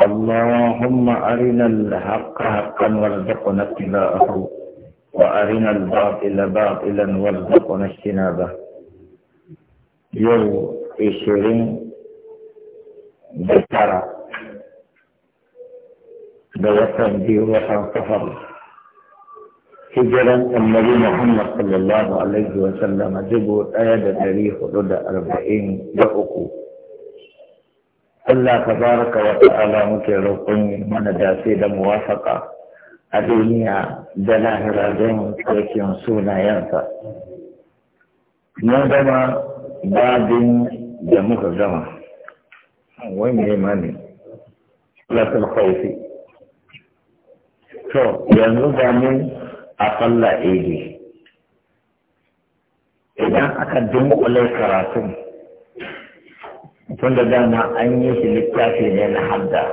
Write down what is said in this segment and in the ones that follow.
اللهم أرنا الحق حقا وارزقنا اتباعه وأرنا الباطل باطلا وارزقنا اجتنابه يو إشرين ذكرى بوطن دي وطن سفر هجرا النبي محمد صلى الله عليه وسلم جبوا آية تاريخ رد أربعين دقوق Allah tabaraka wa ta'ala muke roƙon mana dace da muwafaka a duniya da lahira don tsarkin sunayensa. Mun gama babin da muka gama, wai mai mani, latin hausi. To, yanzu ga mun a falla ege. Idan aka dunkule karatun tun da dama an yi shi littafi ne na hadda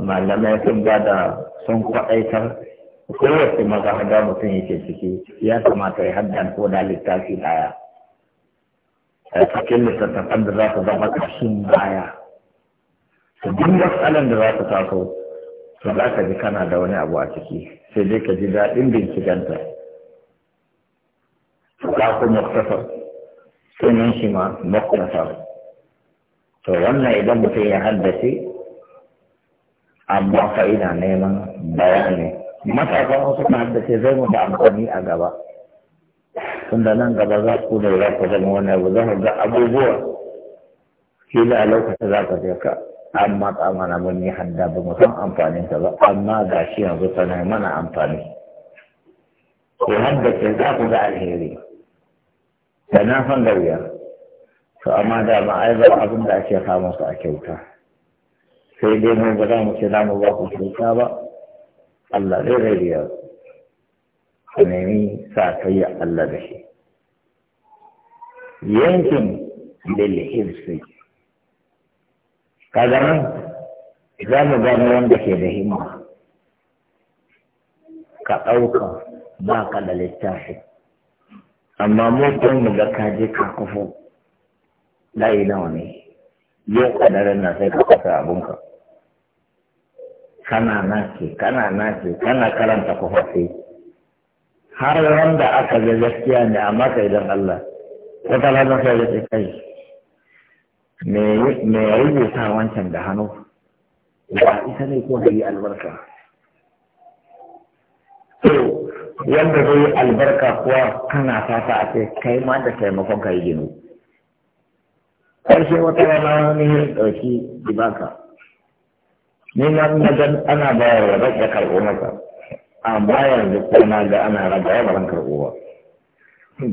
malamai sun gada sun kwaɗaitar kowace hada mutum yake ciki ya kamata ya hadda ko da littafi daya a cikin littattafan da za su zama ƙarshen baya su dinga tsalan da za su taso to za ka ji kana da wani abu a ciki sai dai ka ji daɗin bincikanta ka kuma muktasar sunan shi ma muktasar to wannan idan mutum ya haddace amma fa'ida neman bayani matakan wasu ka haddace zai mutu amfani a gaba tunda nan gaba za ku da za ku zama wani abu za ku ga abubuwa kila a lokacin za ka je ka an matsa mana mun yi hadda ba mu san amfanin ta ba amma ga shi yanzu tana mana amfani ko haddace za ku ga alheri da na san da wuya to amma da ba ai ba abin da ake kama su a kyauta sai dai mu ba za mu ce za mu ba ku kyauta ba Allah zai rage ku nemi sa kai Allah da shi yankin lil sai kaga nan za mu gano wanda ke da himma ka ɗauka ba ka da littafi amma mu kan mu ga ka je ka kufo layi nawa ne yau kadarin na sai ka kasa ka, kana na ke kana na ke kana karanta kufa sai har wanda aka ga gaskiya ne amma kai dan Allah ko ta ladan sai da kai me me rubuta wancan da hannu ba isa ne ko da albarka wanda zai yi albarka kuwa kana fata a ce kai ma da taimakon ka yi gino ƙarshe wata rana ne ɗauki dibaka ni na gan ana bayarwa zai da karɓo maka amma yanzu ko na ga ana raga ya baran karɓo ba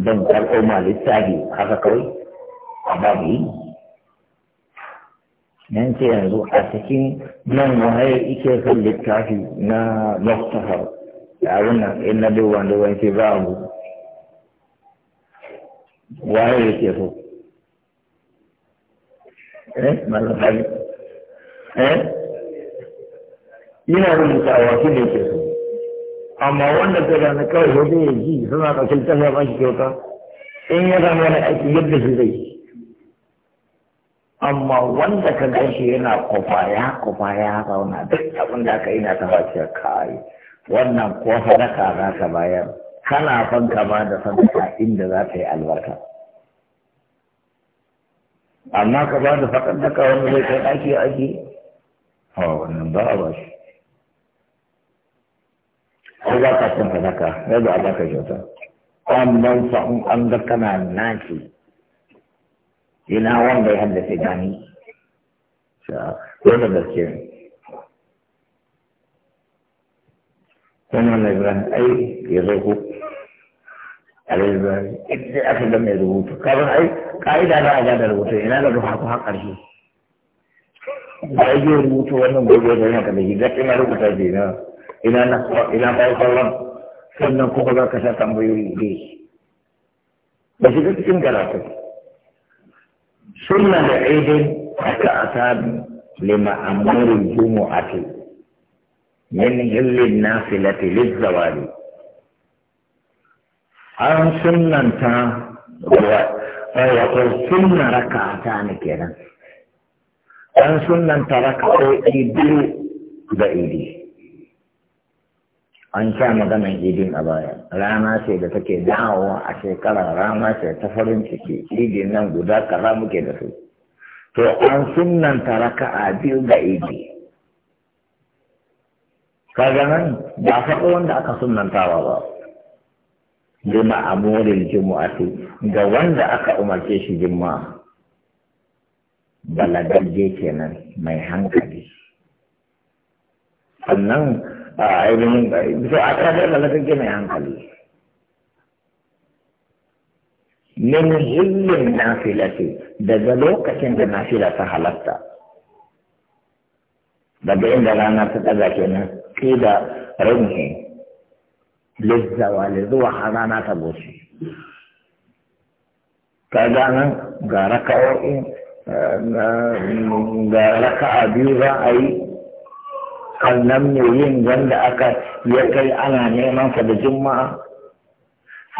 don karɓo ma littafi haka kawai a babu yi nan ce yanzu a cikin nan waye ike kan littafi na muktahar abin nan in na duba da wanke ba mu waye yake so eh malaka eh yana rubutawa shi ne yake so amma wanda ta gane kawai ya zai ji suna ɗaukin ta ya shi kyauta in ya zama wani aiki yadda shi zai amma wanda ka gan shi yana kofa ya kofa ya zauna duk abin da aka yi na ta face kai wannan ko sadaka za ka bayar kana son ka ba da sadaka inda za ta yi albarka amma ka ba da sadaka wani zai kai ɗaki aji a wannan ba a ba shi ko ba ka son sadaka zo a ka kyauta wannan fa'in an ga kana naki ina wanda ya haddace gani. Dole gaske ne. kuma na ibrahim ai ya zo ku ita ce ita aka ga mai rubutu kafin ai ka'ida za a gada rubutu ina da rufa ku har ƙarshe ba a yi rubutu wannan gobe da yana kada higa ina rubuta ce na ina na ina kai kallon sannan kuma za ka sa tambayoyi ne ba shi ga cikin karatu sunna da aidin haka asabi lima amurin jumu'ati min hillin nafilati lizzawali an sunanta ruwa. sunnanta wato sunan raka ta ne kenan an sunnanta raka'o'i biyu da idi an sha maganan idin a baya rana ce da take dawowa a shekara rana ce ta farin ciki idin nan guda kaza muke da su to an sunnanta raka'a biyu da idi kaga nan ba faɗo wanda aka sunantawa ba lima amuril jumu'ati ga wanda aka umarce shi juma'a balagarje kenan mai hankali sannan a ainihin so a ƙasar balagarje mai hankali min hillin nafilati daga lokacin da nafila ta halatta daga inda rana ta ɗaga kenan قيل رمه للزوال ذو حرانا تبوسي كأنا غارك أوئي غارك أبيضا أي sannan mai yin wanda aka ya kai ana neman sa da juma'a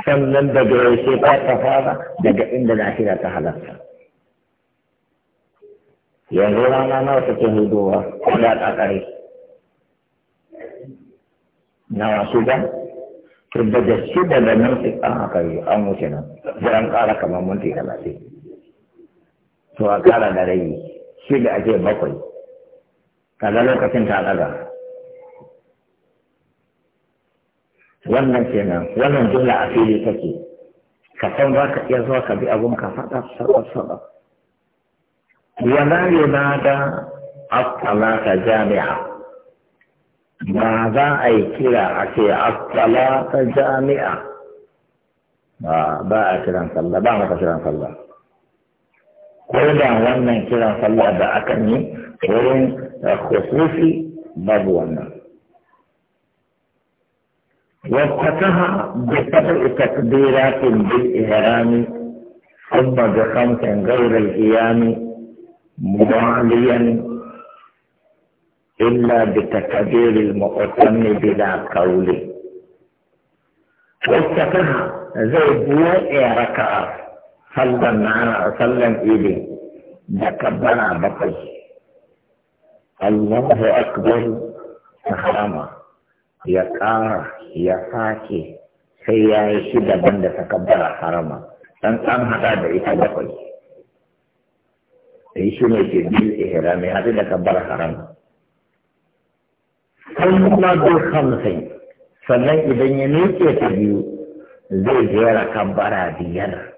sannan da yaushe ba ta fara daga inda lahira ta halarta yanzu rana nawa take hudowa ko da ƙaƙare na wasu ba? to daga shida da minti an haka yi an wuce nan sai an kara kamar minti talatin to a kara da rai shida ake bakwai kaga lokacin ta daga wannan kenan wannan jumla a fili take ka san za ka iya zuwa ka bi abun ka faɗa sabar sabar wala yunada as-salata jami'a ba za a yi kira a ce asala ta jami'a ba a kiran sallah ba maka kiran sallah ko da wannan kiran sallah da aka yi wurin eh, khususi babu wannan وافتتح بسبع تكبيرات بالإهرام ثم بخمس غير القيام معاليا إلا بتكبير المؤتم بلا قول واستفه زي بوئي ركعة صلى معنا صلى إلي دكبنا بقي الله أكبر سخرما ya ƙara ya sake sai ya yi shi daban da takabbara harama dan an haɗa da ita bakwai da shi ne ke haɗu da kabbar harama kuma duk hamsin sannan idan ya miƙe ta biyu zai jera kabbara biyar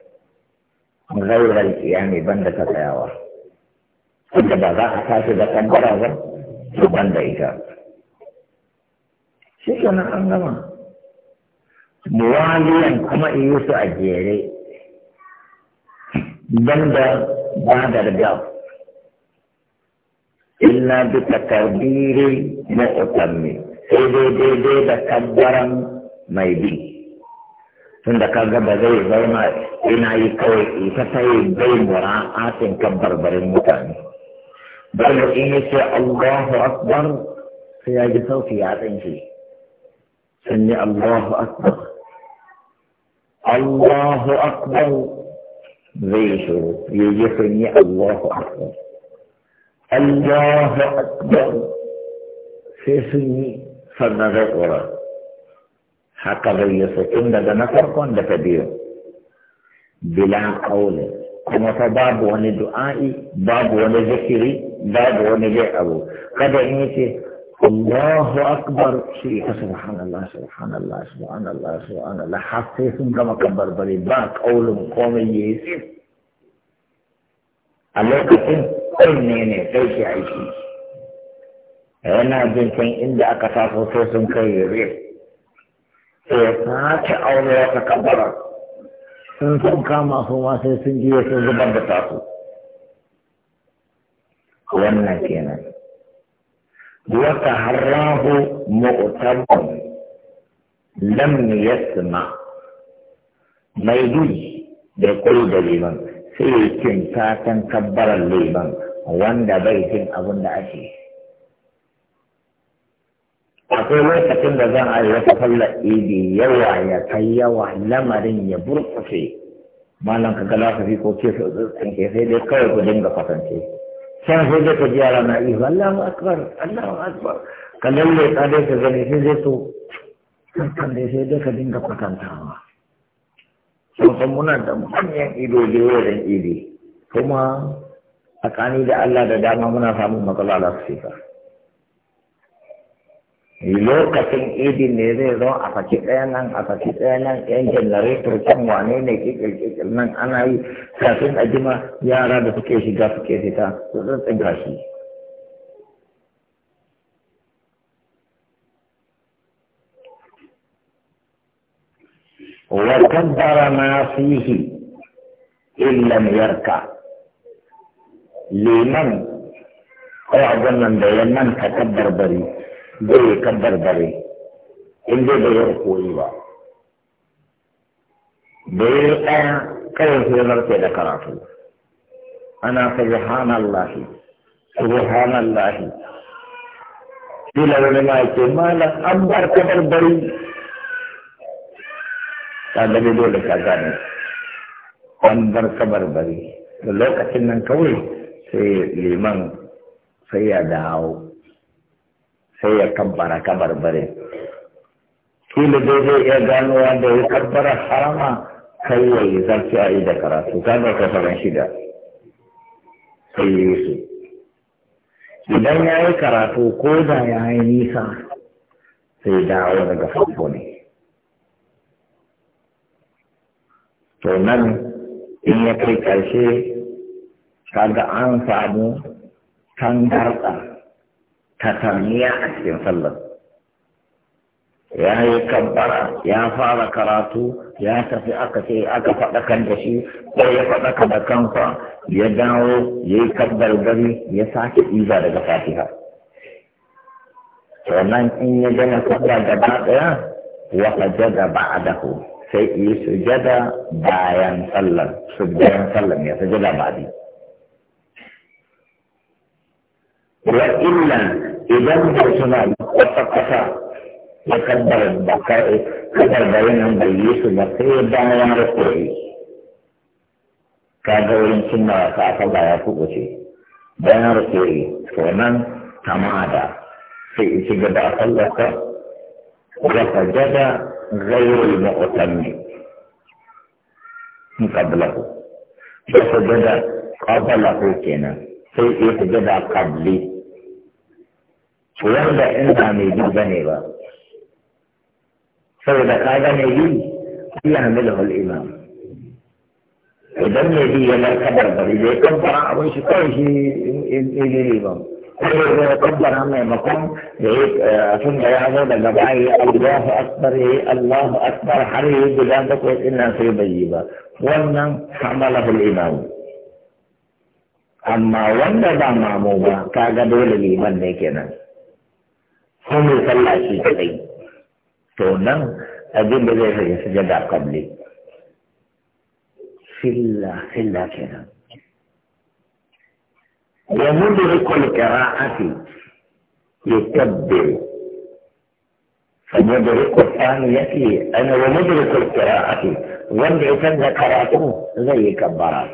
gairar kiyami banda ta tsayawa inda ba za a tashi da kabbara ba to banda ita shi kenan an gama muwaliyan kuma in yi su a jere banda ba da gab Ina bi takabiri mu'tammi sai dai daidai da kabbaran mai bi tun da kaga ba zai zauna ina yi kawai ita ta yi bai asin kan barbarin mutane bari in yi ce Allahu Akbar sai ya ji sauki ya tsinci sun yi Allahu Akbar Allahu Akbar zai shiru ya ji sun yi Allahu Akbar الله أكبر سيسني فنغي قرى حقا غيسة كن دا نفر كن دا تدير بلا قول كما فباب وني دعائي باب وني ذكري باب وني جاء أبو قد إنتي الله أكبر شيء سبحان الله سبحان الله سبحان الله سبحان الله حسيسن كما كبر بلي باك أولم قومي يسير الله كتير kunne ne sai ke aiki yana jin can inda aka taso sai sun kai yare sai ya sake aure wata kabara sun sun kama su ma sai sun jiya sun zubar da taso wannan kenan wata harahu mu'tabun lam yasma mai gudu da kai da liman sai kin ta kan kabbarar liman wanda bai jin abin da ake akwai lokacin da zan ayi wata sallar idi yawa ya kai yawa lamarin ya burkushe malam ka gala ka fi ko ke su tsinke sai dai kawai ku dinga kwatance San sai dai ka ji yara na ihu Allahu akbar Allahu akbar ka lalle ka dai ka gani sai dai su kan dai sai dai ka dinga kwatantawa sun san muna da manyan ido da yawan idi kuma tsakani da Allah da dama muna samun matsala da sifa lokacin idin ne zai zo a faki ɗaya nan a faki ɗaya nan yan janareto can wane ne kikirkikir nan ana yi kafin a jima yara da suke shiga suke fita su zan tsinka shi وكبر ما فيه إن لم yarka. liman ko abin nan da ya manta kabbar bari zai kabbar bari in dai da ya koyi ba da ya ɗaya kawai sai zarce da karatu ana subhanallahi subhanallahi kila wani ma yake malam an bar kabar bari ta dole ka gane an bar kabar bari da lokacin nan kawai sai liman sai ya dawo sai ya kabbara kabarbare kila dai ya gano wanda ya kabbara harama kai ya yi zarfi a da karatu ka kasaran shida sai ya yi su idan ya yi karatu ko da ya yi nisa sai dawo daga farko ne to nan in ya kai karshe kaga an samu tangarɗa tatarniya a cikin sallar ya yi kabbara ya fara karatu ya tafi aka ce aka faɗakar da shi ko ya faɗaka da kansa ya dawo ya yi kabbar gari ya sake iza daga fatiha sannan in ya gama kabbar gaba ɗaya wa sajada dahu, sai yi sujada bayan sallar sujada bayan sallar ya sujada wa illa idan da suna wata kasa da kaddar da kadar da yanan bai yi su ba sai bayan rasuwa ka ga wurin sunna ka aka ba ya kubuce bayan rasuwa to nan da sai in shiga da asallarka ya sajada ghairul mu'tammi min qablahu ya sajada qablahu kenan sai ya sajada qabli wanda in ba mai bi ba ne ba saboda ka ga mai bi Allah hamilahul imam idan mai bi ya larkadar bari zai kabbara abin shi kawai shi ilimi ba kuma zai kabbara maimakon ya yi sun da ya zo daga bayi Allahu akbar ya yi Allahu akbar har ya yi guda bakwai ɗin nan sai bai yi ba wannan hamalahul imam amma wanda ba mamu ba kaga dole liman ne kenan ko mai sallah shi kadai to nan abin da zai rage sujada kabli filla filla kenan ya mundu rikul qira'ati yakbir فمدرك الثانية أنا ومدرك القراءة wanda ya canza karatu zai yi kabbara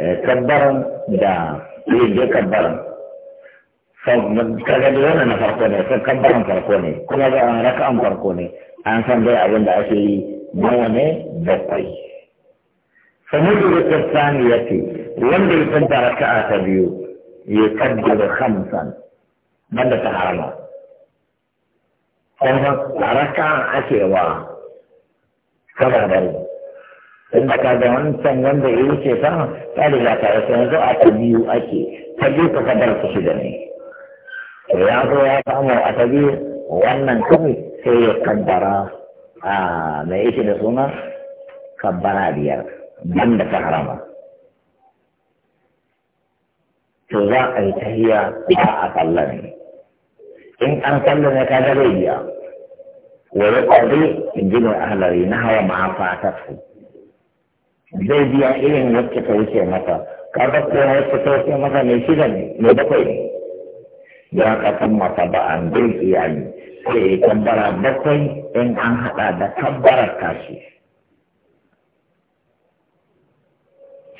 eh, kabbaran da zai je kabbaran kaga da wannan na farko ne sai kabbaran farko ne kuma ga raka'an farko ne an san dai abin da ake yi nawa ne bakwai samudu da tsani ya ce wanda ya tsanta raka'a ta biyu ya kaddu kaddara hamsan banda ta harama kuma raka'a ake wa kabarbari inda ka ga wancan wanda ya wuce ta ta riga ta yanzu a ta biyu ake ta biyu ka kaddara ta shida ne to ya zo ya samu a ta wannan kawai sai ya kaddara a mai yake da suna kabbara biyar ban da ta harama to za a yi tahiya ba a sallame in an sallame ka ga zai biya wa ya kwazi in ji mai ahalari na hawa ma fata su zai biya irin wacce ta wuce masa, ka ga ko wacce ta wuce masa, mai shida ne mai bakwai ne ya kasan mata ba'an zai iya yi sai kabbara bakwai in an haɗa da kabbarar tashi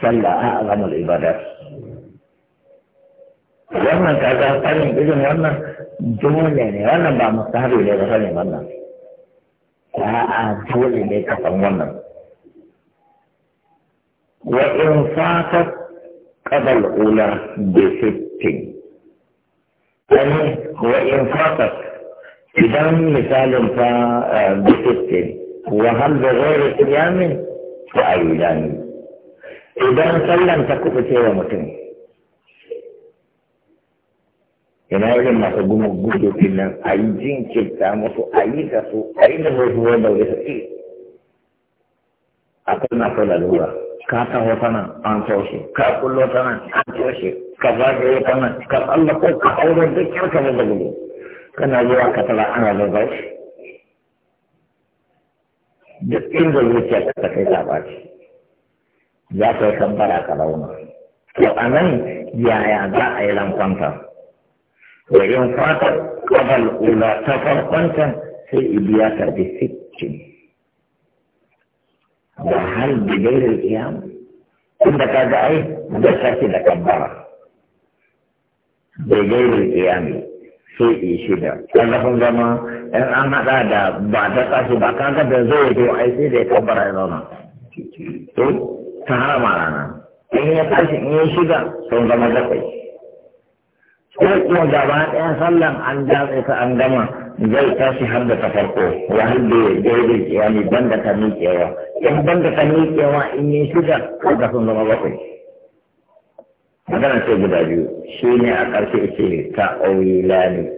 sallah a alamul ibadar wannan kaga sanin irin wannan dole ne wannan ba mustahabi ne ba sanin wannan a'a dole ne ka wannan wa in fatat qadal ula da الثاني هو انفاقك في دم مثال انفاق آه، وهل بغير صيام فأي دم إذا صلى أن تكون في سيرة مسلم هنا يجب ما تقوم بجوده في النام أي جين كيف تعمل أي كيف أي نبوه هو دوله فيه akwai masu lalura ka taho nan an toshe ka kullo nan an toshe ka wata nan ka tsalla ko ka aure duk kyar ka da gudu kana zuwa ka tara ana da shi duk inda zuciya ka ta kai labaci za ka yi kambara ka launa to a nan yaya za a yi lamfanta wajen fatar kabal ula ta farkonta sai ibiya ta bi sittin da hal bigairar iyam tunda ka ga ai da sake da kabbara bigairar iyam sai in shida kallafin zama in an hada da ba ta kashi ba kaga da zai zo ai sai da ya kabbara ya zauna to ta harama rana in ya tashi in ya shiga sun zama bakwai ko kuma gaba ɗayan sallan an datse ta an gama zai tashi har da ta farko ya halbe daidai kewa ne ban da ta miƙewa in ban da ta miƙewa in yi shida ko da sun zama bakwai magana ce guda biyu shi ne a ƙarshe ce ta ƙauyila ne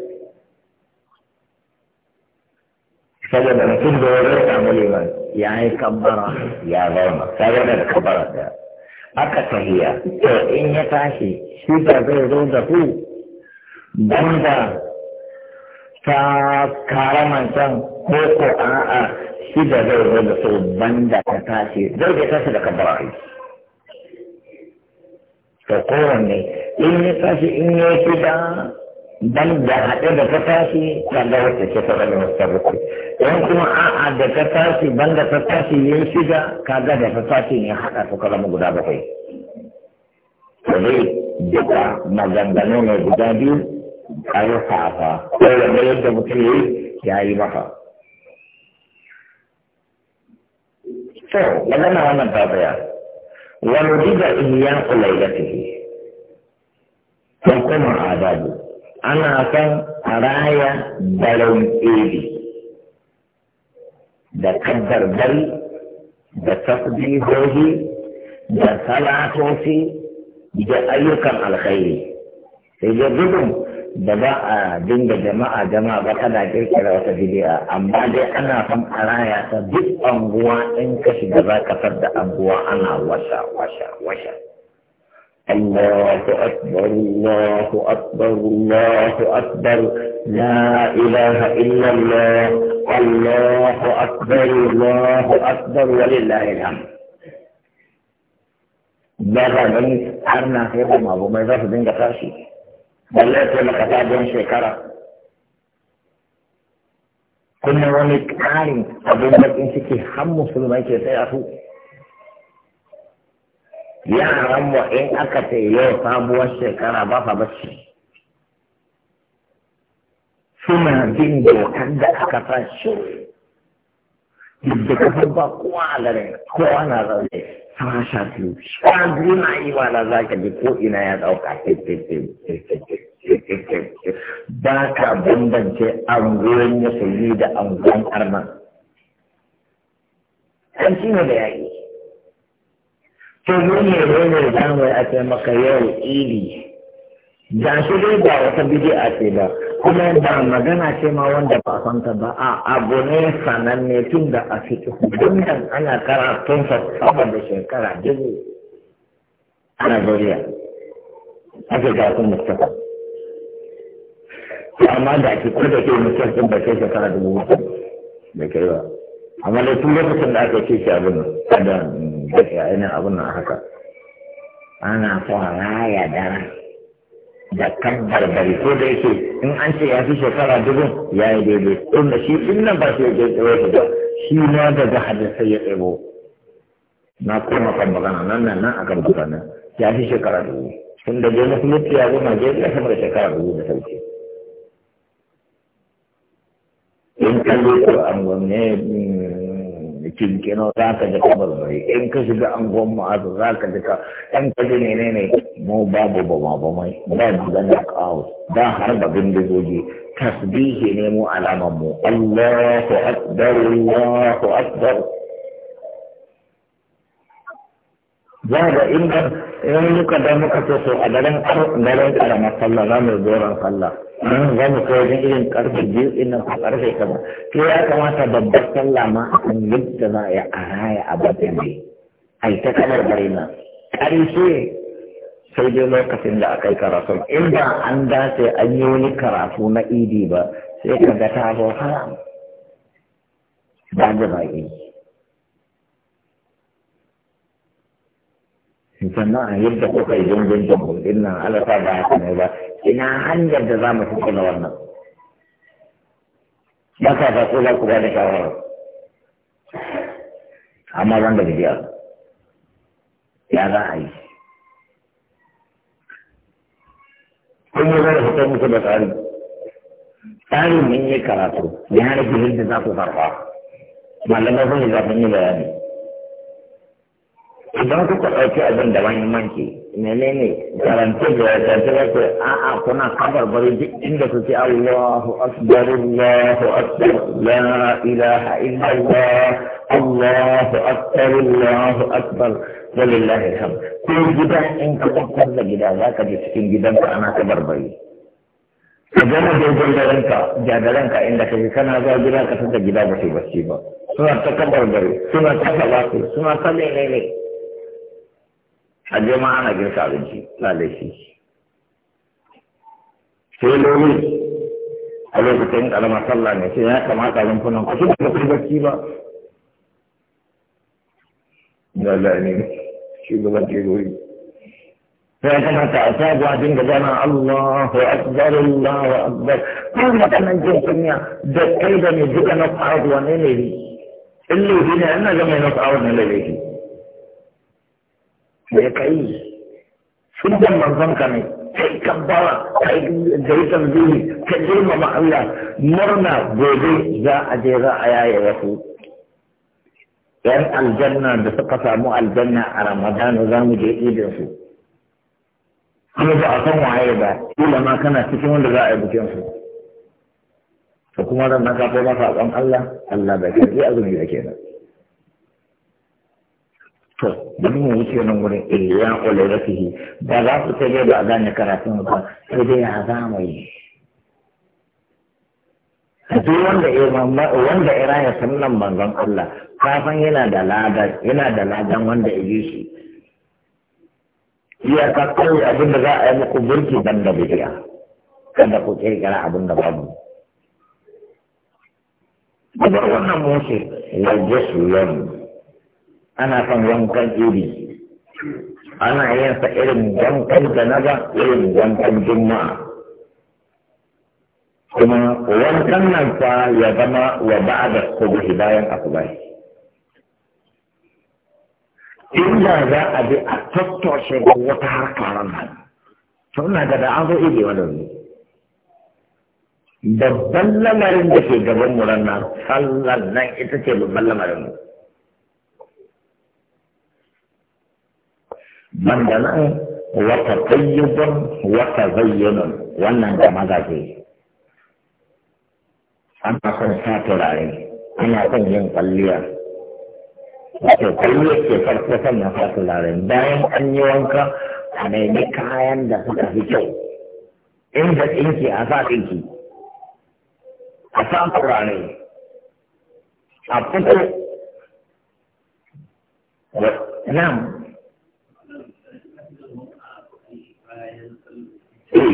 saboda mutum da wani samu liman ya yi kabbara ya zauna saboda da kabbara ɗaya aka tahiya to in ya tashi shi ta zai zo da ku banda ta karaman can ko ko a'a shi da zai zo da so da ta tashi zai ga tashi da kabbara ai to kowanne in ya tashi in ya fi da dan da haɗe da ta tashi kaga wacce ce ta zama wata bakwai in kuma a'a da ta tashi ban da ta tashi ya shiga kaga da ta tashi ya haɗa su kalama guda bakwai. Zai duka maganganu ne guda biyu ayyuka fa ko da yadda mutum yayi yayi maka to magana wannan ta tsaya wani diga iya ulailatihi kan kuma adabu ana kan raya daren edi da kabbar bari da tasbihohi da salatoci da ayyukan alkhairi sai ya gudun da ba a dinga jama'a jama'a ba tana kirkira wata bidi'a amma dai ana son a ta duk anguwa in ka shiga za ka da anguwa ana washa washa washa. الله أكبر الله أكبر الله أكبر لا إله إلا الله الله أكبر الله أكبر ولله الحمد sai ba ba balle ya taimaka don shekara kuma wani ƙarin abin bakin ciki har musulmai ke sai a su yaran wa in aka ce yau sabuwar shekara ba sa bacci suna bin dokar da aka sa shi da kafin ba kowa a lare kowa na zaune sasha biyu sha biyu na yi wala za ka ji ko ina ya dauka? ba ka bambance ya sayi da anguwan arna an shi ne da yayi to mu ne ne za mu yi ake maka yau iri da shi dai ba wata bidi'a ce ba kuma ba magana ce ma wanda ba san ta ba a abu ne sananne tun da a fiki wannan ana karatun sa saboda da shekara dubu a Najeriya ake karatun Mustafa amma da ake Kuma da ke Mustafa ba ke shekara dubu da kai ba amma da tun lokacin da aka ce shi abin da ainihin abin nan haka ana fara raya daren da kan barbari ko da yake in an ce ya fi shekara dubu ya yi daidai tun da shi tun nan ba shi ya tsoro ba shi ma daga hadisai ya tsebo na koma kan magana nan nan nan akan magana ya fi shekara dubu tun da dai musulunci ya zo Najeriya sama da shekara dubu da sauke in kalli ko an gwamne mm, kino za ka ji kabarbari in ka shiga an gwamma azu za ka ji ka ɗan ka ji ne ne mu babu ba ma ba mai ba mu ganin kawo da har ba bindigogi tasbihi ne mu alaman mu Allahu akbar Allahu akbar za ga inda in muka da muka ce so a daren daren karama sallah za mu goron sallah nan za mu kai wajen irin karfe biyu ina ko karfe kaza to ya kamata babbar sallah ma a kan yadda za a yi a raya a bakin ne a ta kamar bare na sai dai lokacin da aka yi karatu in ba an dace an yi wani karatu na idi ba sai ka ga ta zo haram ba da baƙi sannan yadda kuka yi dangin jambo din nan Allah ta ba ya ne ba ina hanyar da za mu fito na wannan ba ka ba ko za ku ba da shawara amma ban da bidiya ya za a yi kun yi zai fito musu da tsari tsari mun yi karatu ya rage yadda za ku farfa malamai sun yi zafin yi bayani idan kuka ɗauki abin da mahimmanci menene garanti da garanti da ku a'a kuna kabar bari duk inda kuke Allahu akbar Allahu akbar la ilaha illa Allah Allahu akbar Allahu akbar walillahi alhamd ko gidan in ka kwakwar da gida za ka je cikin gidanka ana kabar bari ka gama dogon darenka ka inda kake kana zuwa gida ka tada gida ba sai bacci ba suna ta kabar bari suna ta salatu suna ta menene அதிகமான அக்ரிகாலஜி லாலேசி சேலோவி அதே பிடிங் அந்த மசாலா நேசி ஏன்னா சமாதானம் பண்ணும் கொஞ்சம் பிடி வச்சிருவா நல்ல நீங்க فعندما تعتاد وعدين قدامنا الله أكبر الله أكبر كل ما كان نجم كنيا ده أيضا يجب أن نتعرض وننهي اللي هنا أنا لم نتعرض من الليلة ya ka yi sunan manzon ka ne kai ba kai gari tanzini ka ma Allah murna gobe za a je za a yaye wasu yan aljanna da suka samu aljanna a ramadana za mu je idin su kuma ba a san waye ba kila ma kana cikin wanda za a yi bikin su Ka kuma ran ka kai Allah Allah bai karbi azumi da kenan to bari mu wuce nan wurin iliya eh, ƙulairatihi da za su ta ba a gane karatun ba sai dai ya za mu yi duk wanda wanda ira ya sallan manzon Allah kafan yana da ladan yana da ladan wanda ya yi shi Ya ka kai abin da za a yi muku burki ban da bidiya kada ku kirkira abin da babu Kuma wannan motsi ya jesu yanzu ana son wankan iri ana yin sa irin wankan janaba irin wankan juma'a kuma wankan nan fa ya zama wa ba'da subhi bayan asubahi illa za a bi a tattoshe wata harka ranar to na da an zo iri wannan babban lamarin da ke gaban mu ranar sallar nan ita ce babban lamarin mu da nan wata tayyuban wata zayyunan wannan da mazaje ana son sa turare ana son yin kwalliya wato kwalliya ke farko sannan sa turare bayan an yi wanka a nemi kayan da suka fi kyau In inda tsinki a sa tsinki a sa turare a fito Nam, zai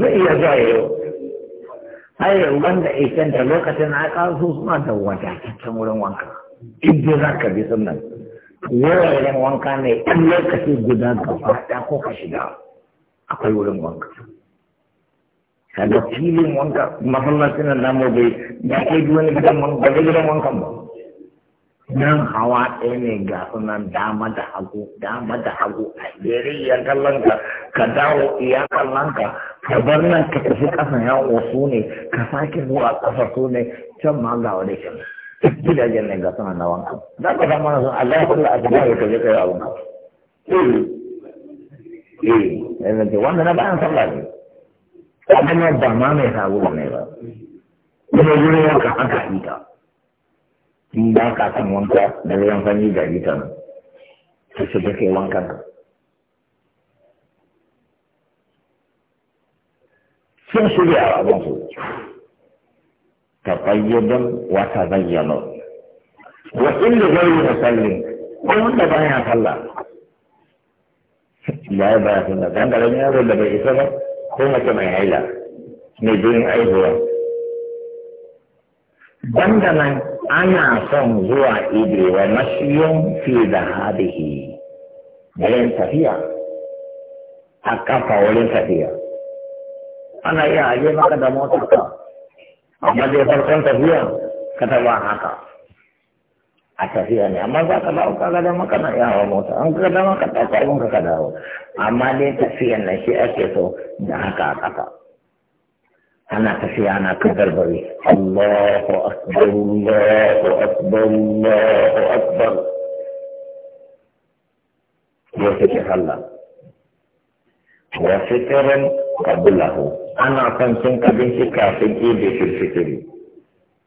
iya zuwa yau ai wanda ikanta lokacin na kawo su suna da wadataccen wurin wanka inda za ka bi sannan wuraren wanka ne in lokaci guda gaba ɗaya ko ka shiga akwai wurin wanka kaga filin wanka masallacin nan namu bai wani gidan wanka gidan wankan ba nan hawa ɗaya ne ga sunan dama da hagu dama da hagu a jere ya kallon ka ka dawo ya kallon ka ka bar nan ka tafi ƙasa ya wasu ne ka sake zuwa ƙasa su ne can ma ga wani kenan gidajen nan ga suna na wanka za ka zama na sun Allah ya a gaba ya kaje kai abun eh eh ce wanda na bayan sallah ne amma na ba ma mai ne ba ya ka aka in ba ka san wanka da ruwan sanyi da hita sai su sun shirya abin su tabayyadan wa tazayyana wa illa ghayru musallin ko wanda baya sallah ya baya sallah dan da ran yaro da bai isa ba ko mace mai haila mai jin aihuwa banda nan ana son zuwa ibe wa mashiyon fi zahabihi bayan tafiya a kafa wurin tafiya ana iya aje maka da amma dai farkon tafiya ka taba haka a tafiya ne amma za ka dawo ka gada maka na iya mota an ka dama ka ɗauka abin ka dawo amma dai tafiyan nan shi ake so da haka a ƙasa ana tafiya ana kan garbari Allahu akbar Allahu akbar Allahu akbar ya fi sallah wa fitran qablahu ana son cin abinci kafin ibe firfitiri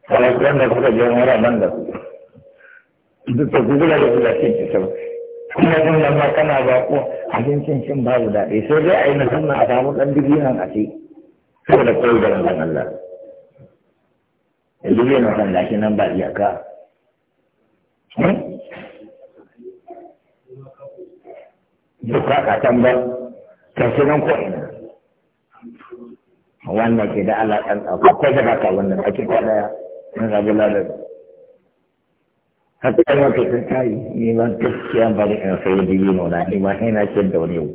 kawai wanda kuka je wani nan da ku duk da gugula da gugula cin ci sama kuma kun nan ma kana ba ko abincin cin babu daɗi sai dai a yi musamman a samu ɗan dubi nan a ci da kawai da wanzan Allah yanzu zai na san gashi nan ba iyaka hmm? duk ka ka tambar kashi nan ko ina wannan ke da alaƙan ɗauka ko da baka wannan ake kwaɗaya na rabu lalata hatta ma ke san kai ni ma gaskiya ba ni in sai da yino na ni ma ina cin da wani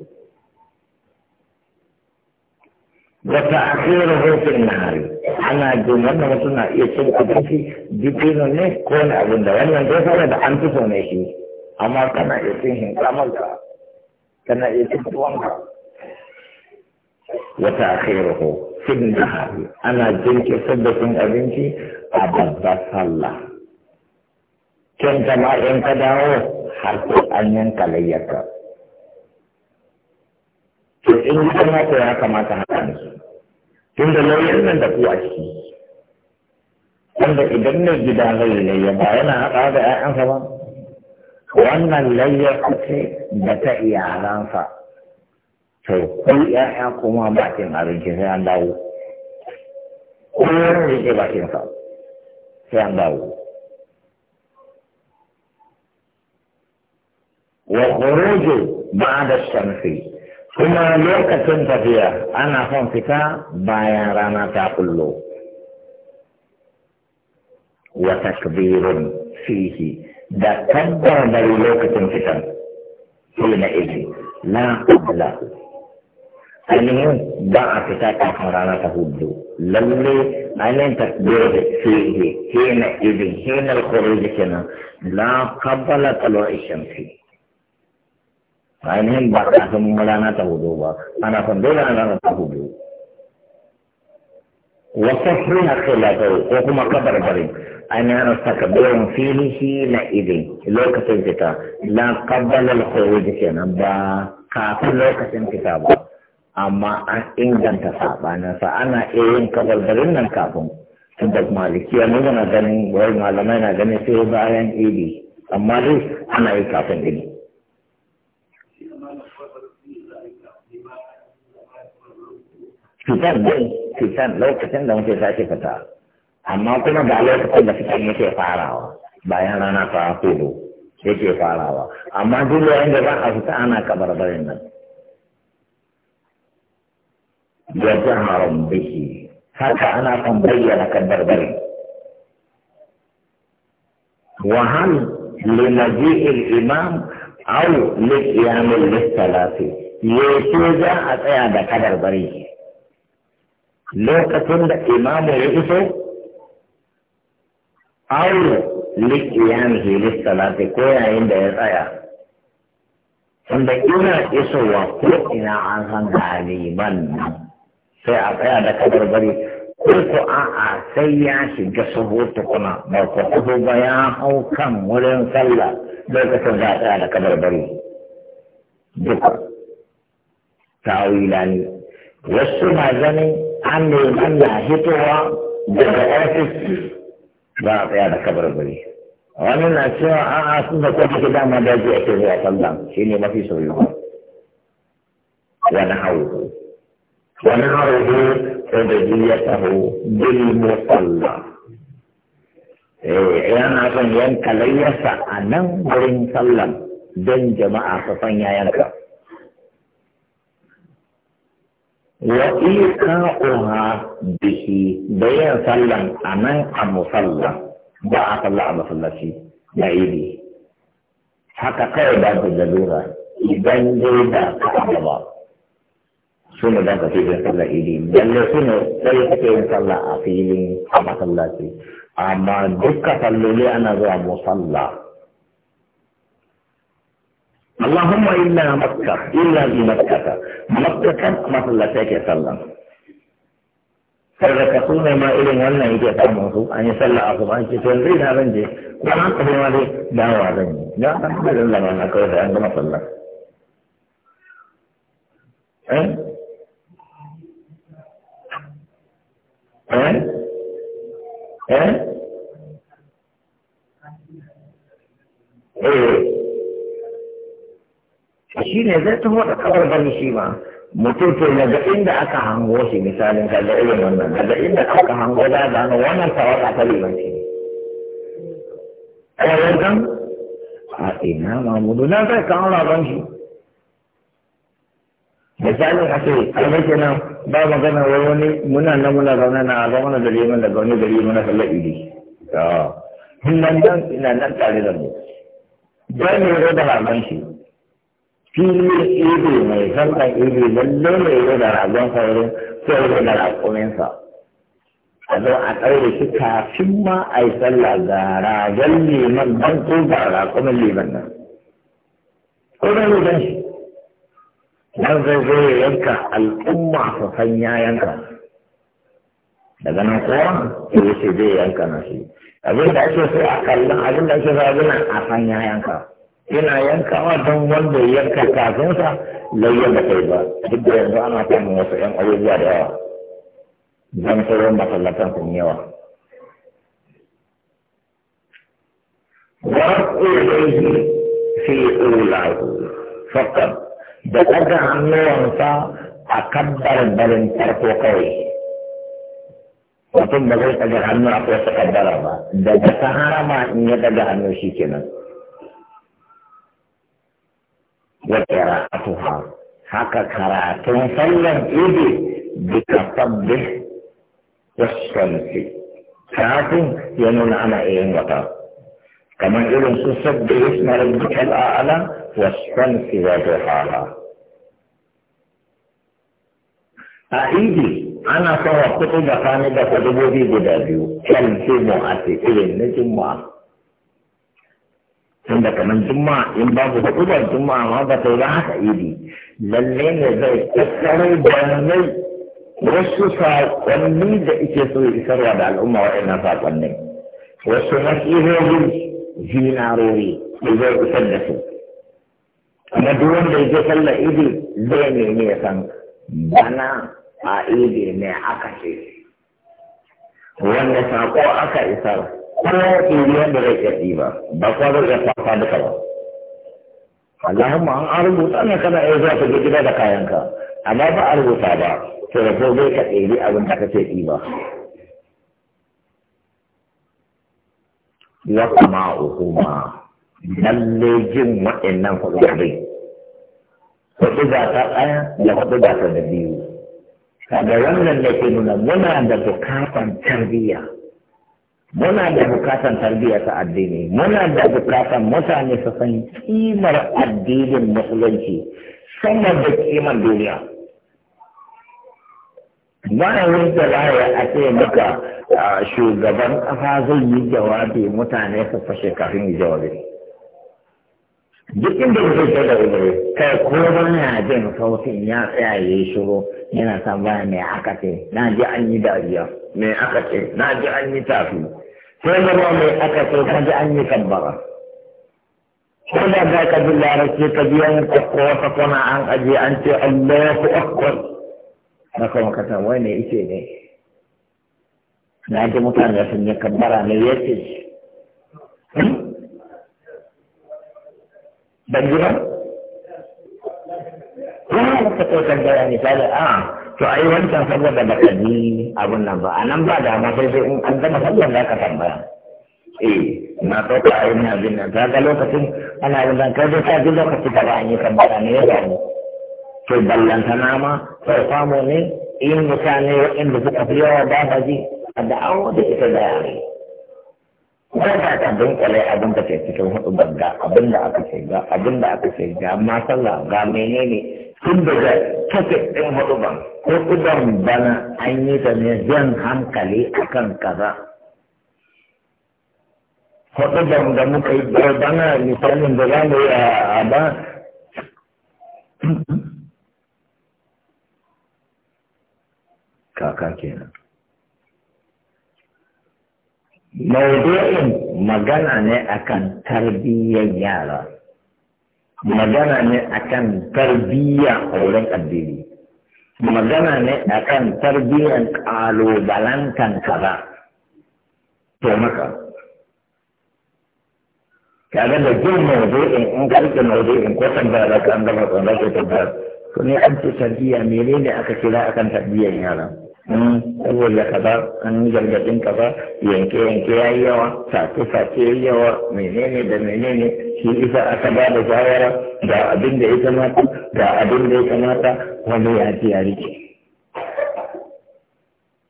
nahari ana jin wannan mutum na iya cin abinci ne ko na abin da wannan dai fara da an fito ne shi amma kana iya cin hinkamar kana iya cin tuwon ka wa ta'khiru fin nahari ana jinkirtar da abinci a babbar sallah can kama in ka dawo har sai an yanka layyaka. to in yi kamata ya kamata haka ne tun da lauyan nan da kuwa shi wanda idan na gida zai layya ba yana haɗa da 'ya'yansa ba wannan layyar ce da ta iyalansa sai ko ya'ya kuma bakin abinci sai an dawo Kuma kowa rike bakin sa sai an dawo wa khuruju ba'da shamsi kuma lokacin tafiya ana son fita bayan rana ta kullo wa takbirun fihi da kabbar dari lokacin fitan sai hina izi la qablahu ainihin ba a fita kafin rana ta hudu lalle ainihin takbir da fiye hina idin hina alkhuruj kenan la qabala talo ishamsi ainihin ba kafin rana ta hudu ba ana son dole ana rana ta hudu وصفنا خلافه وهما قبر بريم أنا أستكبر فيه حينئذ لوكة الكتاب لا قبل الخروج كنا با كافر لوكة الكتاب amma an inganta saɓaninsa ana iya yin kabarbarin nan kafin tunda malikiya mu muna ganin wai malamai na ganin sai bayan idi amma dai ana yi kafin idi fitan dai fitan lokacin da muke sake fita amma kuma ba lokacin da fitan muke farawa bayan rana ta hudu yake farawa amma duk yayin da za a fita ana kabarbarin nan وجهرا به حتى أنا قد بين كالبربري وهل لمجيء الإمام أو لقيام للصلاة يسوع أتيا بكبر لو لوكة الإمام يئسه أو لقيامه للصلاة كويا عند يتيا عند إنا إسوا كوئنا عنهم هذا عليما سيعطيها لك بربري قلت اه سيعش جسوب وطقنا موقفه بياه او كم ولن سلا بيك سيعطيها لك بربري ذكر تاويلاني وشو ما زني عني من لاهتوا جبعاتك بيعطيها لك بربري وانا ناسيو اه اه سنة كنت كده ما داجئتني يا سلام شيني ما في سويه ونحوه ونعرض ابديته بالمطلع ايانا إيه، فان ينك ليس انام برين سلم دن جماعة فان ينك وإيقاؤها به بين سلم أمان مصلى سلم دعا صلى الله عليه وسلم في نعيبه حتى قيدة الزدورة إذن جيدة الله su ne don ka filin sallah idi lalle su ne sai kake yin sallah a filin masallaci amma dukkan salloli ana zuwa musalla اللهم إلا مكة إلا في مكة مكة masallaci ake sallah. sarrafa su ne ma irin wannan yake samun su an yi sallah a kuma ce to yanzu ina zan je ko an kafa ma dai dawa zan yi da an kafa da zama na kawai da an gama sallah eh eh eh shi ne zai taho da kawar bani shi ma mutum to daga inda aka hango shi misalin kaga irin wannan daga inda aka hango da gano wannan tawaka ta limanci ne kawai eh, kan a ina mudu, na zai kawo rabon shi misalin a ce kalmar kenan ba magana wai wani muna nan muna zaune na ga mana da liman daga wani gari mana sallar idi to nan nan ina nan tare da mu ba ne ga da ragan shi filin idi mai sallar idi lalle ne ga da ragan saurin sai ga da rakumin sa a zo a ɗaure shi kafin ma a yi sallah ga ragen liman ban ko ga rakumin liman nan ko da ne shi dan zai zo ya yanka al'umma su san ya yanka daga nan kowa ya wuce zai yanka na shi abin da ake so a kallon abin da ake so a san ya yanka yana yankawa don wanda ya yanka kafinsa layyar da kai ba duk da yanzu ana samun wasu yan abubuwa da yawa Zan sauran masallatan sun yawa wa ƙulaihi fi ƙulahu fakat da ɗaga hannuwansa a kabbar barin farko kawai mutum ba zai ɗaga hannu a wasu kabbara ba daga ta harama in ya ɗaga hannu shi kenan a tuha. haka karatun sallan idi duka tasabbih was kafin ya nuna ana iya wata kamar irin su sabbi isma rabbikal a'la والشمس وضحاها أعيدي أنا صار كتب خامدة كتبودي بدابيو كالجمعة إلين الجمعة tunda kamar juma'a in babu hudubar juma'a ma batai ba haka idi Lallai ne zai tattaro bayanai wasu saƙonni da ike so isarwa da al'umma waɗannan saƙonni wasu nasihohi zinarori da zai isar da su na duk wanda ya je sallar idi zai nemi ya san bana a idi ne aka ce wanda sako aka isa, ko ɗiriyar da zai iya ba ba kuwa zai iya fafa duka ba Allahumma an an rubuta ne kana iya zuwa ka gida da kayanka amma ba a rubuta ba to da zai ka ɗiri abin da kake ba. wa kuma uhuma lalle jin waɗannan fagarai hudu ba ta ɗaya da hudu ba ta da biyu kaga wannan da ke nuna muna da bukatan tarbiyya muna da bukatan tarbiyya ta addini muna da bukatan mutane su san kimar addinin musulunci sama da kimar duniya ba wurin da za a ce maka shugaban ƙasa zai yi jawabi mutane su fashe kafin yi jawabi duk inda mutum ta da ubare kai ko bana jin sautin ya tsaya ya yi shiru yana san bana mai aka ce na ji an yi dariya mai aka ce na ji an yi tafi sai zama mai aka ce ka ji an yi kabbara ko da ga ka ji larabci ka ji yan kwakwa kwana an aje an ce allahu akbar na kuma ka san wai ne ice ne na ji mutane sun yi kabbara ne ya ce ban ji ba kuma ka ko tambaya misali a ah, to a yi wancan saboda da kaji abun nan ba a nan ba da ma sai sai in an gama sallar da ka tambaya eh na ɗauka a yin abin nan ta ga lokacin ana yin zan kai ta ji lokaci ta ba an yi tambaya ne ya samu to ballanta na ma sai samu ne in mutane waɗanda suka fi yawa da ji a da'awo da ita da yare Idan ka ka kwale abin da ke cikin hudu banga abin da aka ce ga abin da aka ce ga masalla ga menene tun da kake ɗin hudu ban hudu bana an yi ta ne zan hankali akan kaza. Hudu ban da muka yi bana misalin da za mu yi a ba kaka kenan. maudu'in magana ne akan tarbiyyar yara magana ne akan tarbiyya auren addini magana ne akan tarbiyyar kalubalantan kaza to maka kaga da jin maudu'in in ka rike maudu'in ko tambaya da ka an gama tsaron da ke tambaya to ne an ce tarbiyya ne aka kira akan tarbiyyar yara saboda kaza an yi gargadin kaza yanke yanke ya yi yawa sace sace ya yi yawa menene da menene shi isa aka ba da shawara ga abin da ya kamata ga abin da ya kamata wani ya ji ya rike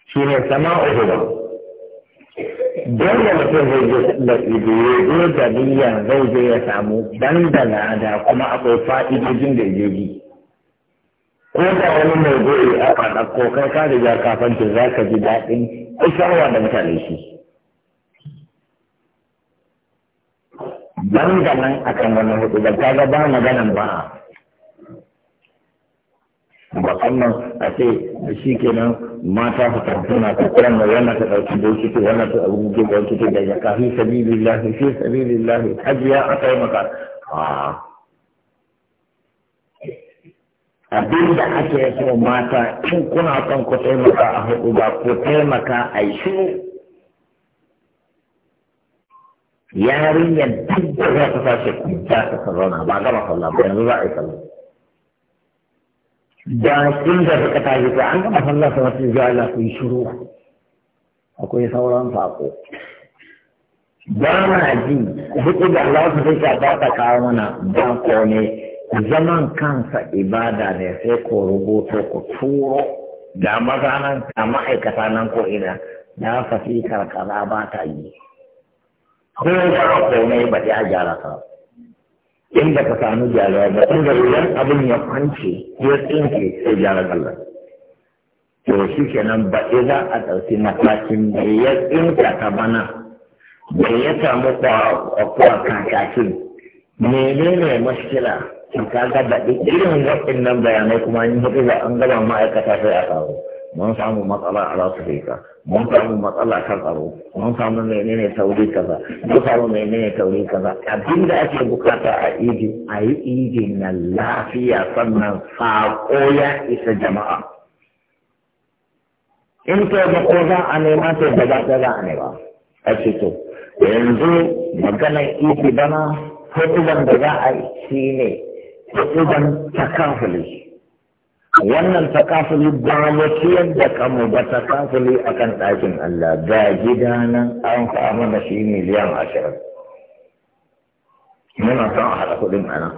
shi ne sama uku ba dole mutum zai je da ido ya zo da niyya zai je ya samu dandana da kuma akwai fa'idojin da ya je ko da wani mai goyi a faɗa ko kai ka riga kafin ki za ka ji daɗin isarwa da mutane shi danganan a kan wani hudu da kaga ba maganan ba musamman a ce shi kenan mata su tantuna ta kiran mai wannan ta ɗauki doki ta wannan ta abubuwan ta ɗauki ta daga kafin sabilillahi fi sabilillahi hajiya a taimaka abin da ake so mata in kuna son ku taimaka a hudu ba ku taimaka a yi shiru yarinyar duk da za ta tashi ku za ta zauna ba gama sallah ba yanzu za a yi sallah da kin da suka tashi ko an gama sallah sai su ji Allah ku yi shiru akwai sauran sako ba na ji hudu da Allah su sai ka ta kawo mana ba ko ne Ku zaman kansa ibada ne sai ko rubuto ku turo da maza nan ma'aikata nan ko ina na fafi karkara ba ta yi ko ba komai ba ta gyara ka in ba ka samu gyara ba in da ruwan abin ya kwance ya tsinke sai gyara Allah to shi kenan ba za a ɗauki matakin da ya tsinka ta bana da ya samu kwa kakakin menene mashkila to ka ga da irin bayanai kuma in hudu da an gama ma'aikata sai a kawo mun samu matsala a rasu rika mun samu matsala kan tsaro mun samu menene tauri kaza mun samu menene tauri kaza abin da ake bukata a idi a yi idi na lafiya sannan saƙo ya isa jama'a in ta yi ko za a nema to da za a nema a ce to yanzu maganar idi bana hudu da za a yi shi ne idan takafuli wannan takafuli ba mu ciyar da kanmu ba takafuli akan ɗakin Allah ga gida nan an samu da shi miliyan ashirin muna son a haɗa kuɗin a nan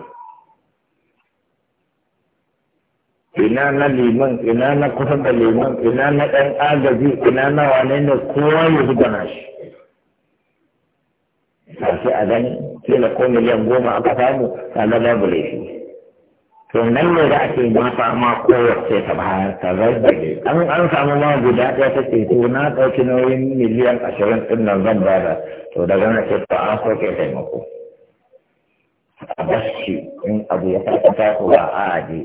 ina na liman ina na kusa da liman ina na ɗan agaji ina na wane ne kowa ya na shi sai a gani kila ko miliyan goma aka samu a babu laifi to nan ne za a ce mata ma kowace ta bayar ta zazzage an an samu ma guda ɗaya ta ce to na ɗauki nauyin miliyan ashirin ɗin nan zan bada to daga na ce to an soke taimako a bashi in abu ya tafi taso ba a aje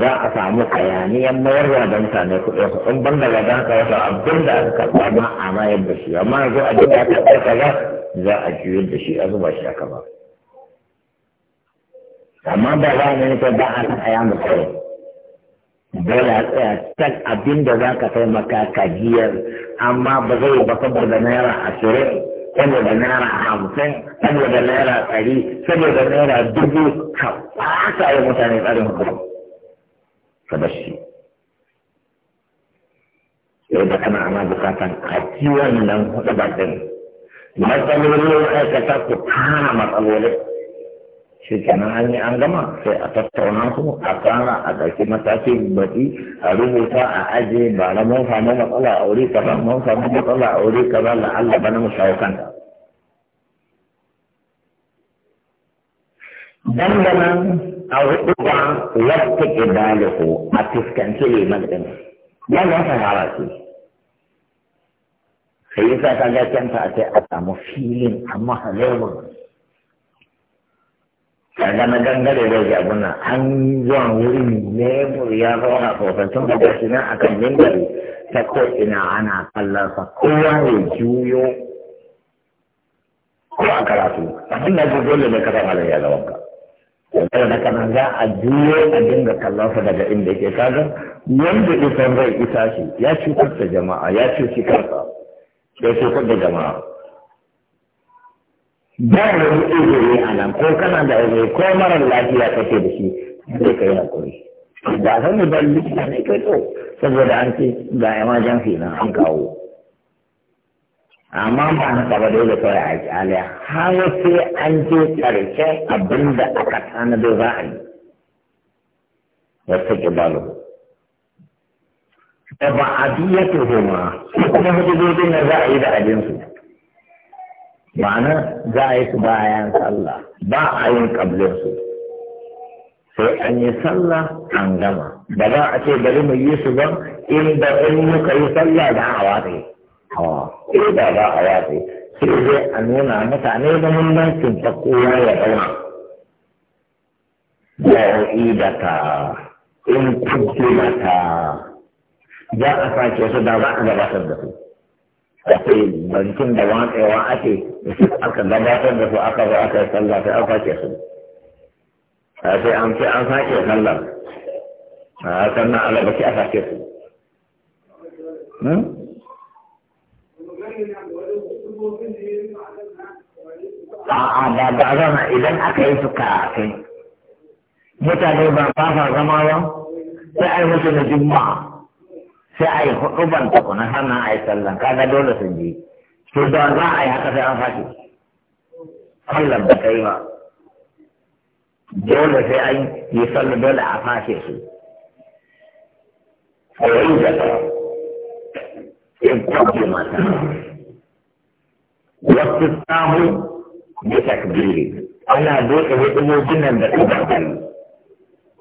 za a samu kayaniyan mayar da mutane kuɗin su in ban daga dan ka wata abin da aka karɓa ma a mayar da shi amma yanzu a duka ta ɗauka za a juyar da shi a zuba shi a ba. amma ba za mu yi ba a nan a yanzu kawai dole a tsaya tak abin da za ka taimaka ka giyar amma ba zai ba saboda naira ashirin saboda naira hamsin saboda naira ɗari saboda naira dubu ka fasa yi mutane tsarin hukum ka bar shi yau da kana ana bukatan a ciwon nan hudu ba ɗin matsalolin aikata ku tana matsalolin shi kenan an yi an gama sai a tattauna su a tsara a ɗauki matakin baki a rubuta a aje ba na mun samu matsala a wuri kaza mun samu matsala a wuri kaza la Allah bana mu shawo kanta dangana a hudu ke wata ibalihu a fuskanci liman ɗin ya za ta hara ce sai yasa ka ga kanta a ce a samu filin amma halewar kaga na gangare da ga abin nan an zuwa wurin lebur ya zauna sosai tun da gashi nan kan mimbari ta ko ina ana kallon sa kowa ya juyo ko a karatu abin da dole ne kasa malam ya zama ka yanzu da kana za a juyo a dinga kallon sa daga inda ke kaga wanda isan zai isa shi ya cutar da jama'a ya cuci kansa ya cutar da jama'a ba wani izini a nan ko kana da izini ko mara lafiya kake da shi zai kai hakuri ba san ne ban likita ne kai to saboda an ce ga emergency na an kawo amma ba na saba dole kawai a kyale har sai an je karshen abin da aka tanado za a yi wata kibalo balo. ba a biya tuhuma kuma hujjojin da za a yi da abinsu ma'ana za a yi su bayan sallah ba a yin kablin su sai an yi sallah an gama ba za a ce bari mu yi su ba in da in muka yi sallah da a watsi ko da za a watsi sai zai a nuna mutane da muhimmancin ta kowa ya zauna yi da ta in kuntuna ta za a sake su da ba a gabatar da su ake bankin da watsewa ake aka gabatar da su aka zo aka yi sallah sai an sake su sai an sai an sake sallah a sannan alabashi a sake su a'a ba ba zama idan aka yi su kafin mutane ba ba sa zama ba sai ai musu na juma'a sai a yi hukuban tukuna sannan a yi sallan kaga dole sun je to da za a yi haka sai an fashe sallan ba ta yi ba dole sai an yi sallan dole a fashe su a yi da ta in kwaje mata wasu samu da takbiri ana doke hukumocin nan da ta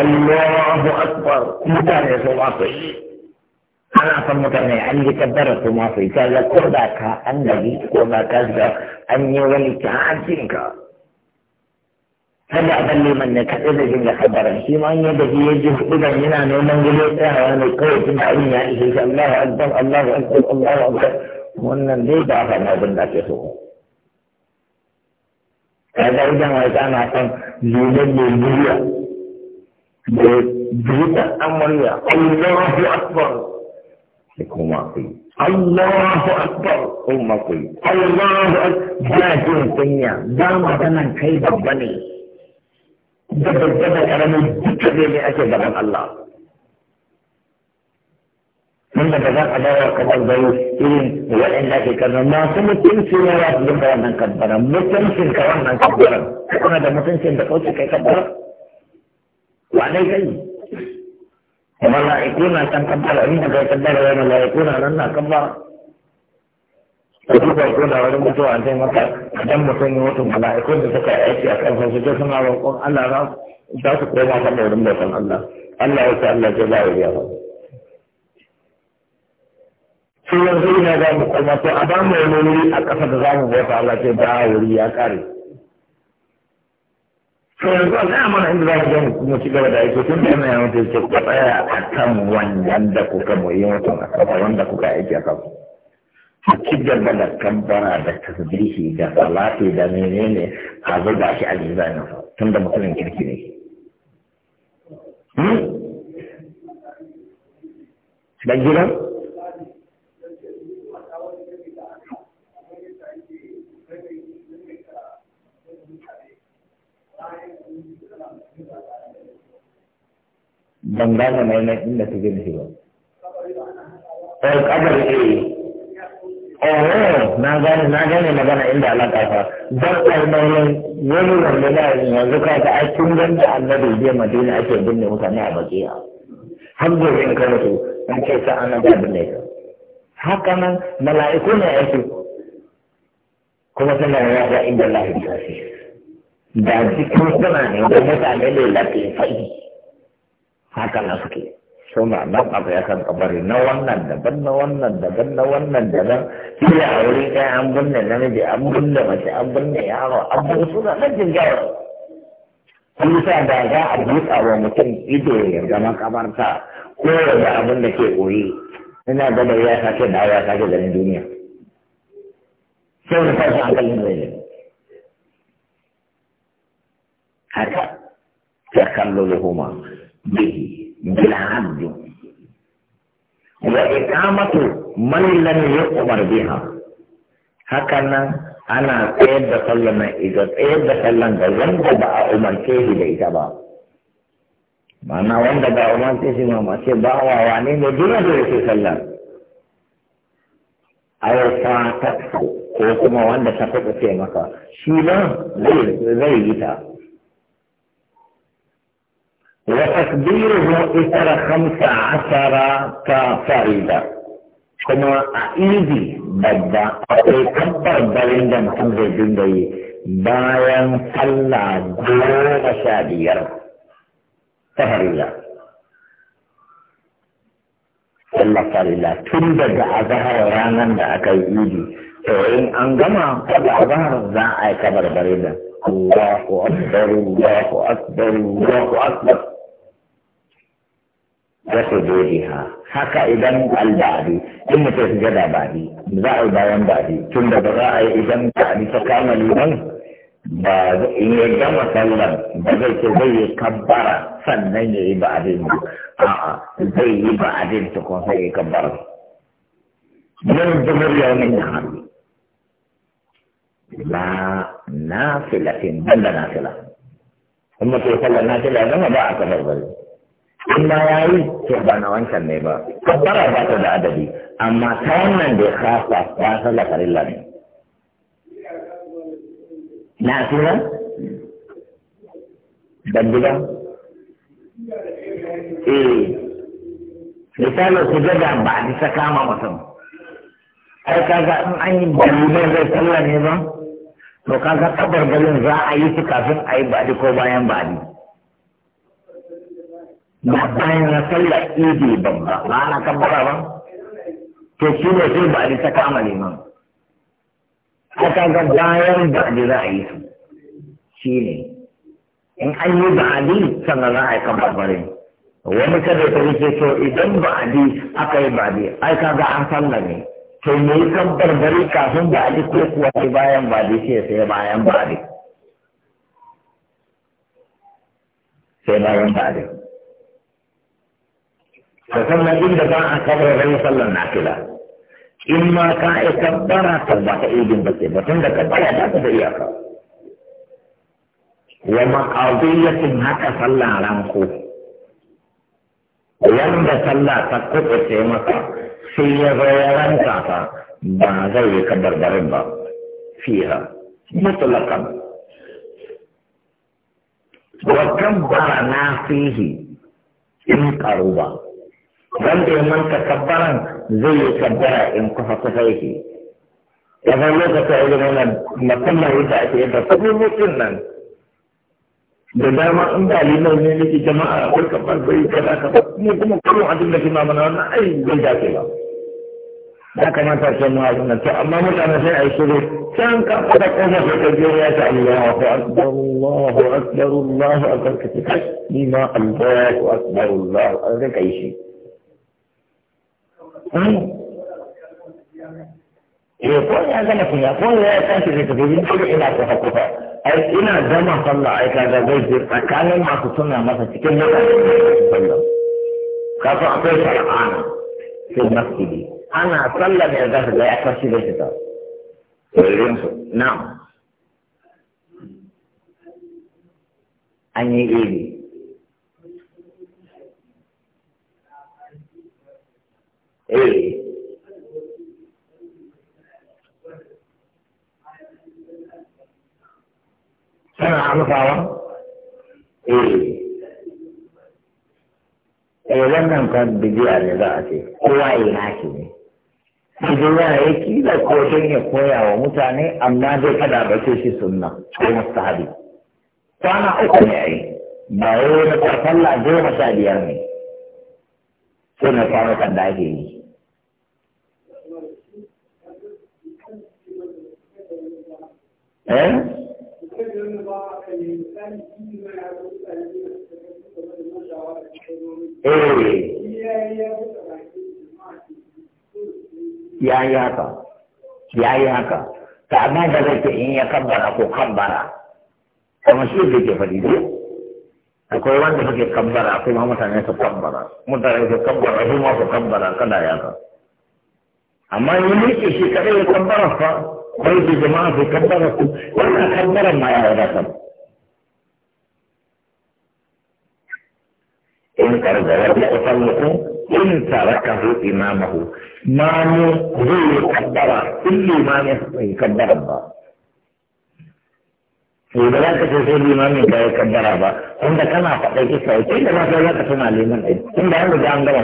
الله أكبر متانة سواطي أنا أصلا متانة عندي كبرة سواطي لك كردك النبي وما كذب أني ولك عزينك هذا أبلي من كذب جملة خبرا فيما يده يجف إذا من هنا قلت جلوسها وأنا قوة معين يعني الله أكبر الله أكبر الله أكبر wannan dai ba a samu abin da ake so kaga idan wai ana son lulun da duka amarya allahu akbar sai kuma ku allahu akbar kuma ku allahu akbar ba jin kunya ba magana kai babba ne da babba karamin duka ne ne ake gaban allah من بعد هذا كذا بيوسين وين لقي كذا ما سمع تنسين يا رب لما نكذب أنا مسلم كذا نكذب أنا كذا مسلم كذا كذا wane kai kamar na ikuna kan kabbara inda kai kabbara wani mala'ikuna nan na kabbara ko duba ko da wani mutuwa an taimaka idan mutum ya mutu mala'ikun da suka aiki a kan su ce suna roƙon Allah za su koma kan wurin bautan Allah Allah ya sa Allah ya ba ya ba Sunan yanzu ina za mu koma to a ba mu wani wuri a ƙasa da za mu bauta Allah ce ba wuri ya ƙare to yanzu an gaya mana inda za mu je mu ci gaba da aiki tun da yana yawan ce kuka tsaya a kan wannan da kuka boye mutum a kafa wanda kuka aiki a kafa a ci gaba da kambara da tasbihi da salati da menene a zuga shi a jizanin tun da mutumin kirki ne hmm? dan gidan ban gane mai nan inda ta gina shi ba. yi ƙabar ke Oh, na gane na gane magana inda alaƙa fa. Don ƙarnarin wani wanda na yanzu ka ta aikin ganda gan da annabi biya madina ake binne mutane a bakiya. Har gobe in ka an ce sa ana da binne ka. Haka nan mala'iku ne aiki kuma suna yawa inda lahi ta shi. Da jikin suna ne da mutane ne fa'i. haka na suke suna nan abu ya kan kabari na wannan daban na wannan daban na wannan daban sai a wuri kai an binne namiji an binne mace an binne yaro an binne suna nan jingawar an yi sa da za a buɗa wa mutum ido ya zama kamarta ko da abin da ke koyi ina gaba ya sake da ya sake ganin duniya sai da tashin hankalin zai yi haka ya kallo da gbè gbìyànjú wà ìkàmàtò mọlìlẹ́nu yẹ ọmọdé bi hàn hakanna ana ɛyɛ bɛtɛ lɛmɛ ɛdɔ ɛyɛ bɛtɛ lɛmɛ wɔn dɛbɛ a wɔn ti da ita ìjaba mana wɔn dɛbɛ a wɔn ti yi lɛ wɔn ba wa wa ni ne duro de ti sɛ lɛ ayɛ fɔn atɛ ko kuma wanda ta wɔn dɛbɛ tɛ kó tɛ yɛ yi lɛ yi ta. وتكبيره إثر خمس عشر كفريدة كما أيدي بدأ أكبر بلند محمد الجندي بايان صلى دور شادير فهريلا صلى فهريلا تندى أظهر رانا بأكي إيدي فإن أنجمع قد أظهر ذا أكبر بلند الله أكبر الله أكبر الله أكبر, الله أكبر وحدودها هكا إذن البعض إن تسجد بعدي بعض بيان بعدي ثم بغاء إذن بعدي فكان لمن بعض إن يجمع صلى بغي تبي كبارا فنن إبعادين آآ بي إبعادين تكون سي كبارا من جمر يوم النهار لا نافلة بند نافلة ثم تسجد نافلة لما بعد تفضل amma ya yi to ba na wancan ne ba kabbara ba ta da adadi amma ta wannan da ya kasa ba sallah farilla ne na suna bandiga eh misalin su gada ba a bisa kama mutum ai kaga in an yi balibar zai sallah ne ba to kaga kabar garin za a yi su kafin a yi baɗi ko bayan baɗi ba bayan na sallar idi babba ba ana kabbara ba to shi ne sai ba a ta kama ne liman haka ga bayan ba a za a yi su shi ne in an yi ba'adi sannan za a yi kan barbarin wani kada ta wuce to idan ba'adi aka yi ba'adi ai ga an sallah ne to me yi kan barbari kafin ba'adi ko kuwa sai bayan ba'adi sai sai bayan ba'adi sai bayan ba'adi Prasanna బిందక ఆ కబర రైసల్ నాకిల ఇమ్మ కా ఎకబర తబ ఈ బిందక ప్రసన్నక బలక దయక وما قاضية هكا صلى على مخوف ولم تصلى تقوك سيمكا في غيران كافا بعد يكبر بربا فيها مطلقا وكبر ما فيه انقروا wanda ya manta kabbaran zai yi kabbara in kusa kusa yake kamar lokacin ilimin nan musamman yadda ake yadda sabobin nan da dama in ba limar ne nake jama'a akwai kamar bai kaza kaza kuma kuma kullum abin da ke mamana wannan ai bai ke ba ya kamata sai mu abin nan to amma mutane sai a yi shiru can ka fada kofar da ka biyo ya ce Allahu akbar Allahu akbar Allahu akbar ka ce ni ma Allahu akbar Allahu akbar kai shi eh ko ya gane kun ya ko ya tashi da tafi bin kudu ina kofa kofa ai ina zama sallah ai ka ga zai je tsakanin masu suna masa cikin mutane sallah ka fa akwai shar'ana fil masjidi ana sallah ne za ka ga ya tashi da ta irin su na'am an yi iri eh tana amsawa eh eh wannan kan bidiya ne za a ce kowa ina nashi ne idan yana ya kila ko ya koya wa mutane amma dai kada ba ce shi sunna ko mustahabi kwana uku ne ai ba wai na farfalla goma sha biyar ne sai na kwanukan da ake yi Eh? eh ya yi haka ya yi haka ta amma da zai ce in ya kambara ko kambara. kuma shi da ke faɗi dai akwai wanda suke kabbara akwai ma mutane su kabbara mutane su kabbara su ma su kabbara kada ya ka amma yi ne shi kadai ya kambara fa قال في جماعة في كبركم وانا اكبر معي على كم ان قرد ربي اطلقوا ان تركه امامه ما مو هو كبر كل ما يكبر الله ولكن يجب ان يكون هناك كبار هناك كبار هناك كبار هناك كبار هناك كبار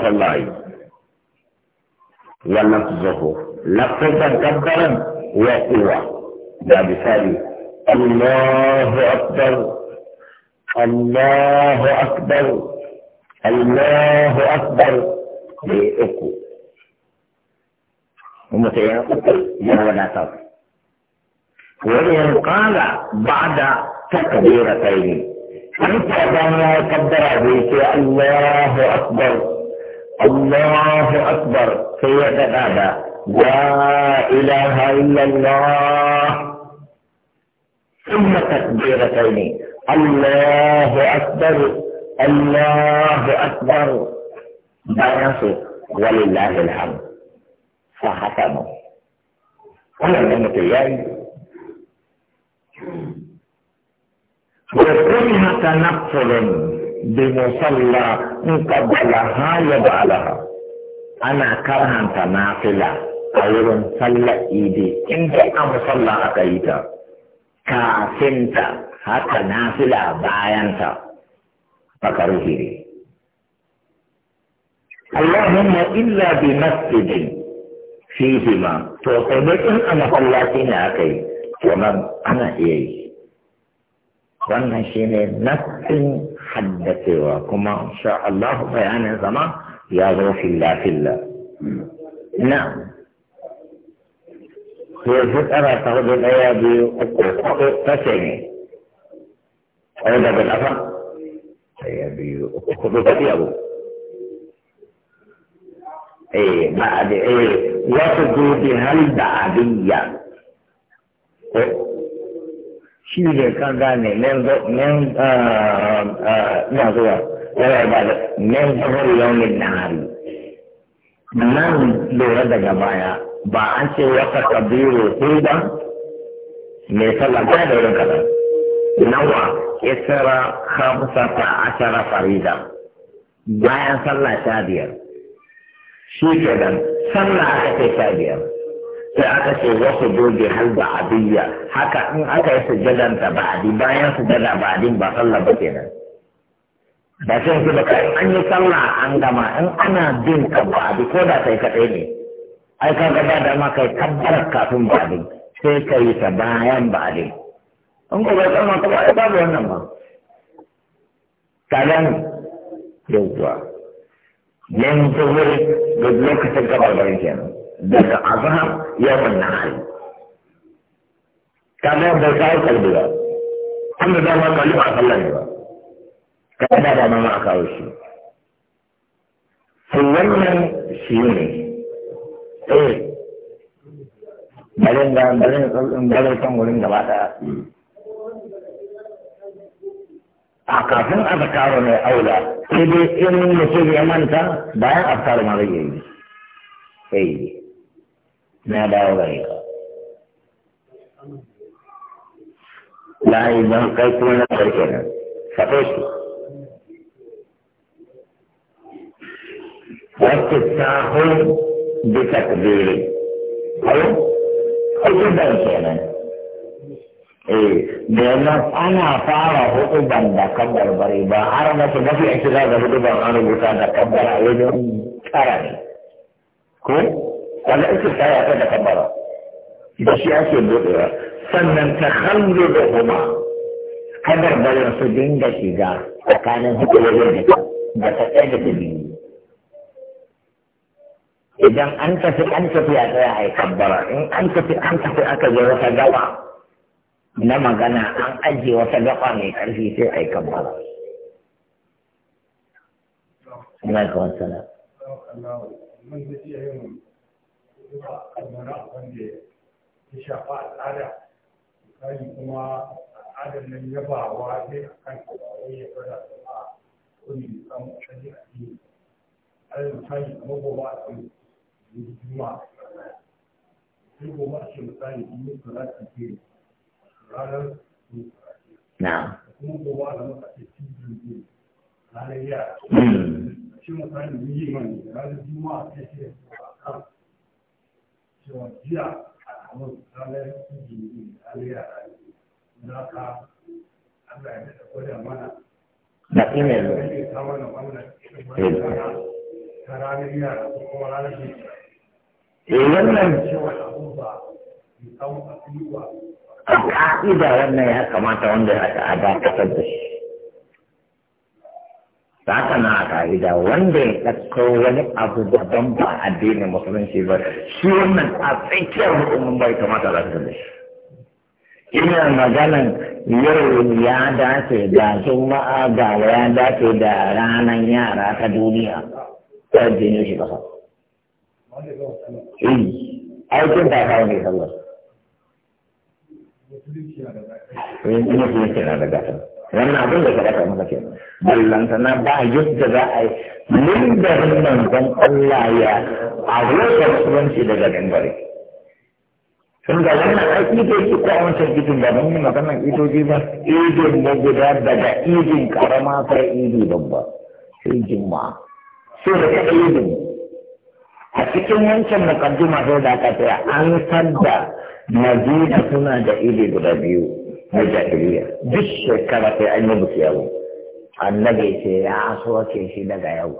هناك كبار هناك وقوة بعد مثالي الله أكبر الله أكبر الله أكبر لأكو ومتين أكبر ولا تاو وإن قال بعد تكبيرتين أنت أبانا كبر بيك الله أكبر الله أكبر سيدنا هذا لا إله إلا الله ثم تكبيرتين الله أكبر الله أكبر بينسوا ولله الحمد فحكموا ولم يمت اليوم وكلها تنفل بمصلى قبلها يبعلها أنا كرها نافلة a wurin sallar idi inda an sallah aka yi ta kafinta haka nafila bayanta makaruhi ne Allahumma illa bi masjidin fihi ma to sai ne in a masallaci ne aka yi wannan ana iya yi wannan shine nafin haddacewa kuma insha Allah bayanin zama ya zo filla filla na'am yanzu tsara ta hudu ɗaya biyu uku hudu kashe ne ɗaya daga ƙafa ɗaya biyu uku hudu kaɗi abu eh ba a da eh wasu gobe hal da shi ne kan gane nan na zuwa yana ba da nan yawon nan lura daga baya ba an ce wata kabiru hulban mai sallah ba da wurin kaza nawa isra khamsa ta ashara farida bayan sallah sha biyar shi ke nan sallah aka ce sha biyar sai aka ce wasu doge hal ba abiyya haka in aka yi sujadan ta ba adi bayan sujada ba adin ba sallah ba ke nan. ba sai su da kai an yi sallah an gama in ana bin ka ba adi ko da sai kaɗai ne ai ka ga da dama kai tabbar kafin ba dai sai ka yi ta bayan ba dai in ko bai tsama ka ba ai babu wannan ba kadan yawwa yan zuhur da lokacin gabar gari kenan daga azhar yawan nahari kaga bai kawo kalbi ba an da dama kai ba a sallah ne ba kada da dama ma a kawo shi to wannan shi ne eh barin da barin tsaurin bari kan wurin gaba daya a kafin azkaru mai aula sai dai in mutum ya manta bayan azkaru ma zai yi sai na dawo gari ka la don kai kuma na karshe nan fato shi wacce ta hulun bi takbiri hayo hayo dan kenan eh da ana fara hudu ban da kabbar ba har na su mafi a shiga da hudu ban an rubuta a wajen tsara ne ko wanda ake tsaya ta da kabbar da shi sannan ta hannu da kuma kabbar bari dinga shiga tsakanin hudu wajen da ta tsaye da biyu idan an tafi an tafi a tsaya a yi kabbara in an tafi an tafi aka je wata gaba na magana an ajiye wata gaba mai karfi sai a yi kabbara. kuma al'adar nan ya ba wa sai a ce misali in ke ranar na kuma ce cikin ranar shi yi mani ranar juma'a sai ce a kan cewa jiya a kamar ranar cikin ke ranar na ka Allah ya mana da ina yi ta mana ranar yara kuma ranar eh wannan a ka'ida wannan ya kamata wanda aka adakatar da shi ta haka na ka'ida wanda ya ɗauko wani abu daban ba addinin musulunci ba shi wannan a tsakiyar hukumin bai kamata a da shi ina maganan yau ya dace da juma'a ga ya dace da ranan yara ta duniya ta jini shi kasa aikin ta kawo ne sallar ina fiye kira da gasar wannan abin da ka baka maka ke ballantana ba yadda za a yi lindarin zan Allah ya a rokar suwanci daga dangare sun ga wannan ai idoji ko a wancan idin ba mun yi ido idoji ba Ido na guda daga idin karama sai idi babba sai juma'a sai da kaɗa idin a cikin wancan mukaddima sai da aka tsaya an sadda madina suna da ili guda biyu na jahiliya duk shekara sai an yi musu yawo annabi ce ya soke shi daga yau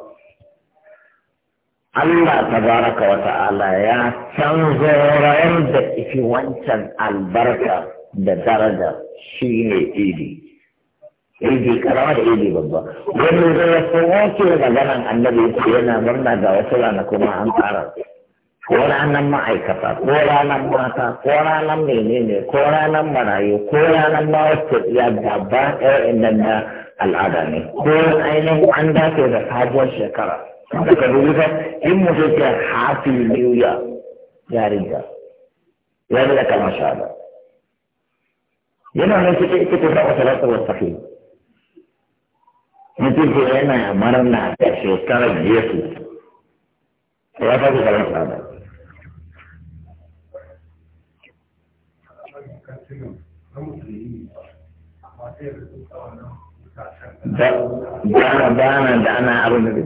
Allah tabaraka wa ta'ala ya canza rayar da ifi wancan albarka da daraja shine idi idi karama da idi babba wani zai ya kowace maganan annabi yana murna ga wasu rana kuma an tsara ko ranar ma'aikata ko ranar mata ko ranar menene ko ranar marayu ko ranar mawacce ya gaba ɗaya nan na al'ada ne ko ainihin an dace da sabuwar shekara daga rubuta in mutum ke happy new year ya riga ya riga kama shahada yana nan cikin ita ta salatu wa sahihi mutum ko yana marna da shekarar yesu ya faɗi kalan tsada Bana bana da ana abin da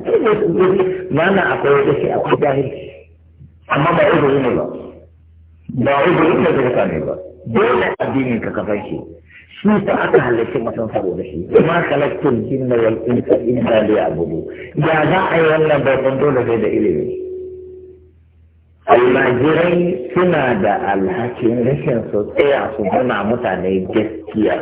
bana akwai wata shi akwai jahilci amma ba uzuri ne ba ba uzuri ne da mutane ba dole addinin ka kafan shi shi ta aka halarci masan saboda shi ma kalaktun jinna wal insa illa li abudu ya za a yi wannan babban dole sai da ilimi almajirai suna da alhakin rashin su tsaya su nuna mutane gaskiya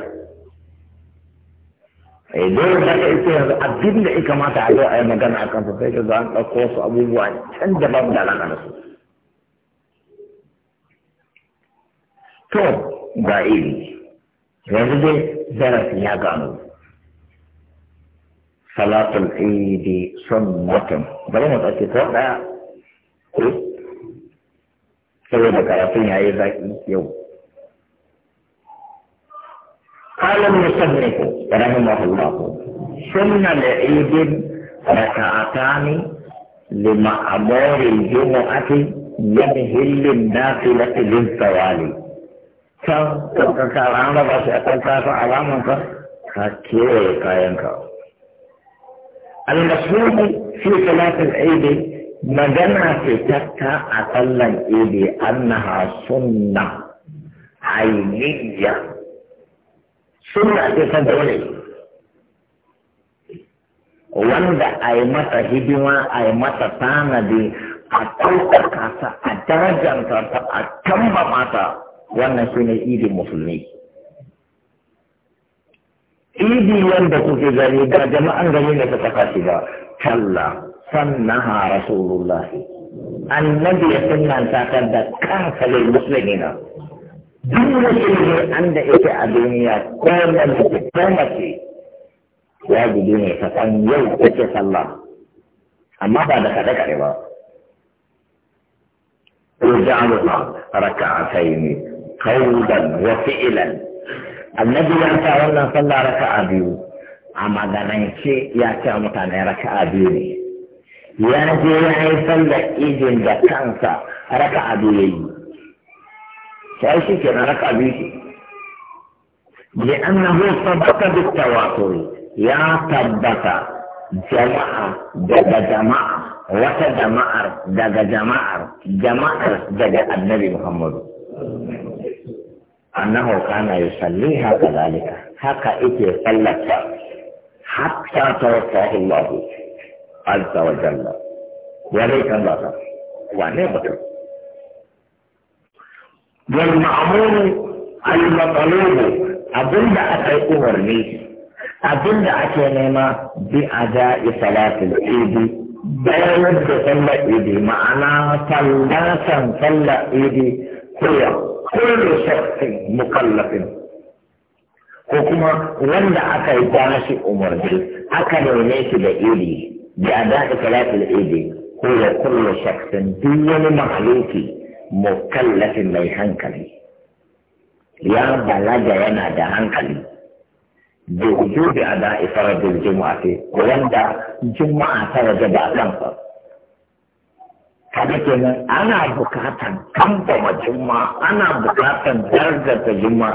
eh dole ba ka isa yanzu abin da ya kamata a zo a yi magana a kansa sai ka ga an ɗauko su abubuwa can mu da alaƙa da su to ga iri yanzu dai darasi ya gano salatul idi sunnatun bari mu ɗauki ko ɗaya saboda karatun ya yi zaƙi yau قال المصنف رحمه الله سن لعيد ركعتان لمأمور الجمعة يمهل النافلة للتوالي kan kanka an raba shi a kan kasa alamanka ka kewaye kayanka almasuhu fi salatin aidi magana ce tatta a sallan aidi annaha sunna ainiya sunna ce dole wanda a yi masa hidima a yi masa tanadi a ɗaukaka a darajanta ta a kamba mata wannan shi ne idin musulmi idi wanda kuke gani da jama'an gani ne ta saka shi ba kalla ha rasulullah annabi ya sunnanta ta kan da kasalin musulmina duk musulmi an da yake a duniya ko nan mutum ko mace gudu ne ta san yau take sallah amma ba da kaɗe-kaɗe ba. Rujaluha raka'ataini kaudan wa fi'ilan annabi ya ta wannan sallah raka'a biyu a maganance ya ce mutane raka'a biyu ne ya je ya yi sallar izin da kansa raka'a biyu ya yi sai shi ke na raka'a biyu ce لأنه ثبت Ya tabbata jama'a daga jama'a, جماعة jama'ar daga jama'ar, jama'ar daga النبي Muhammadu. أنه كان يصليها كذلك هكا إتي صلت حتى توفاه الله عز وجل وليس الله ونعمته والمعمول المطلوب أظن أتي لي أظن أتي نعمة بأداء صلاة العيد بين صلاة إيدي معنا صلاة صلاة إيدي كل يوم kullu shakhsin mukallafin ko kuma wanda aka yi bashi umarni aka nome shi da iri da da ikhlasul iri ko da kullu shakhsin duk wani mahaluki mukallafin mai hankali ya balaga yana da hankali da wujubi ada ifaradul jumu'ati wanda juma'a ta waje ba kansa kada kenan ana bukatan kambama juma ana bukatan ta juma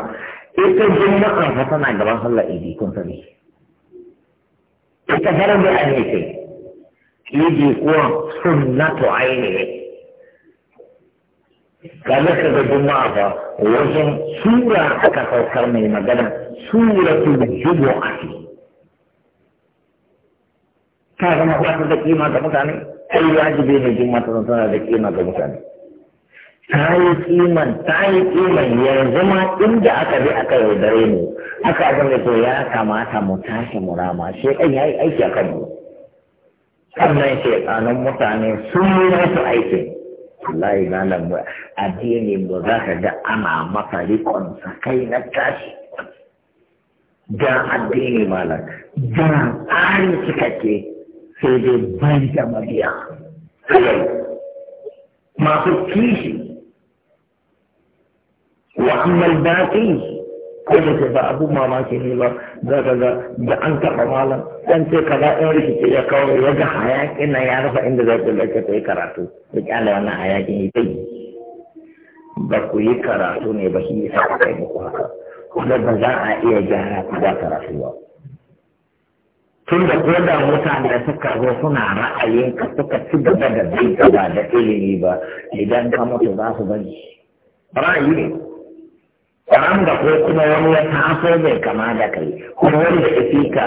ita juma'an fa tana gaban sallar idi kun sani ita daraja a ne ce idi kuwa sunnatu aini ne kaga ka ga juma'a fa wajen sura aka saukar mai magana suratul jumu'ati ta zama ba ta da kima ga mutane ai wajibi ne juma'a ta tana da kima ga mutane ta yi kiman ta yi kiman inda aka bi aka yaudare mu aka abin da to ya kamata mu tashi mu rama sai kan yayi aiki akan mu sannan shekanun mutane sun yi aiki. aikin wallahi malam addini ba za ka ga ana maka rikon sakai na tashi da addini malam da tsarin cikakke sai dai bai da mabiya masu kishi wa ammal baqi kada ka ba abu mamaki ne ba za ka ga da an taɓa malam dan ce ka kaza in rikice ya kawo ya ga hayaƙin nan ya rufa inda za ku lake ta yi karatu ku kyale wannan hayaƙin ya ta yi ba ku yi karatu ne ba shi sa aka yi muku haka kuma ba za a iya gyara ku ba karatu ba tun da ko da mutane suka zo suna ra'ayin ka suka ci gaba da bin gaba da ilimi ba idan ka mutu za su bari ra'ayi ne karam da ko kuma wani ya taso mai kama da kai kuma wanda ya fi ka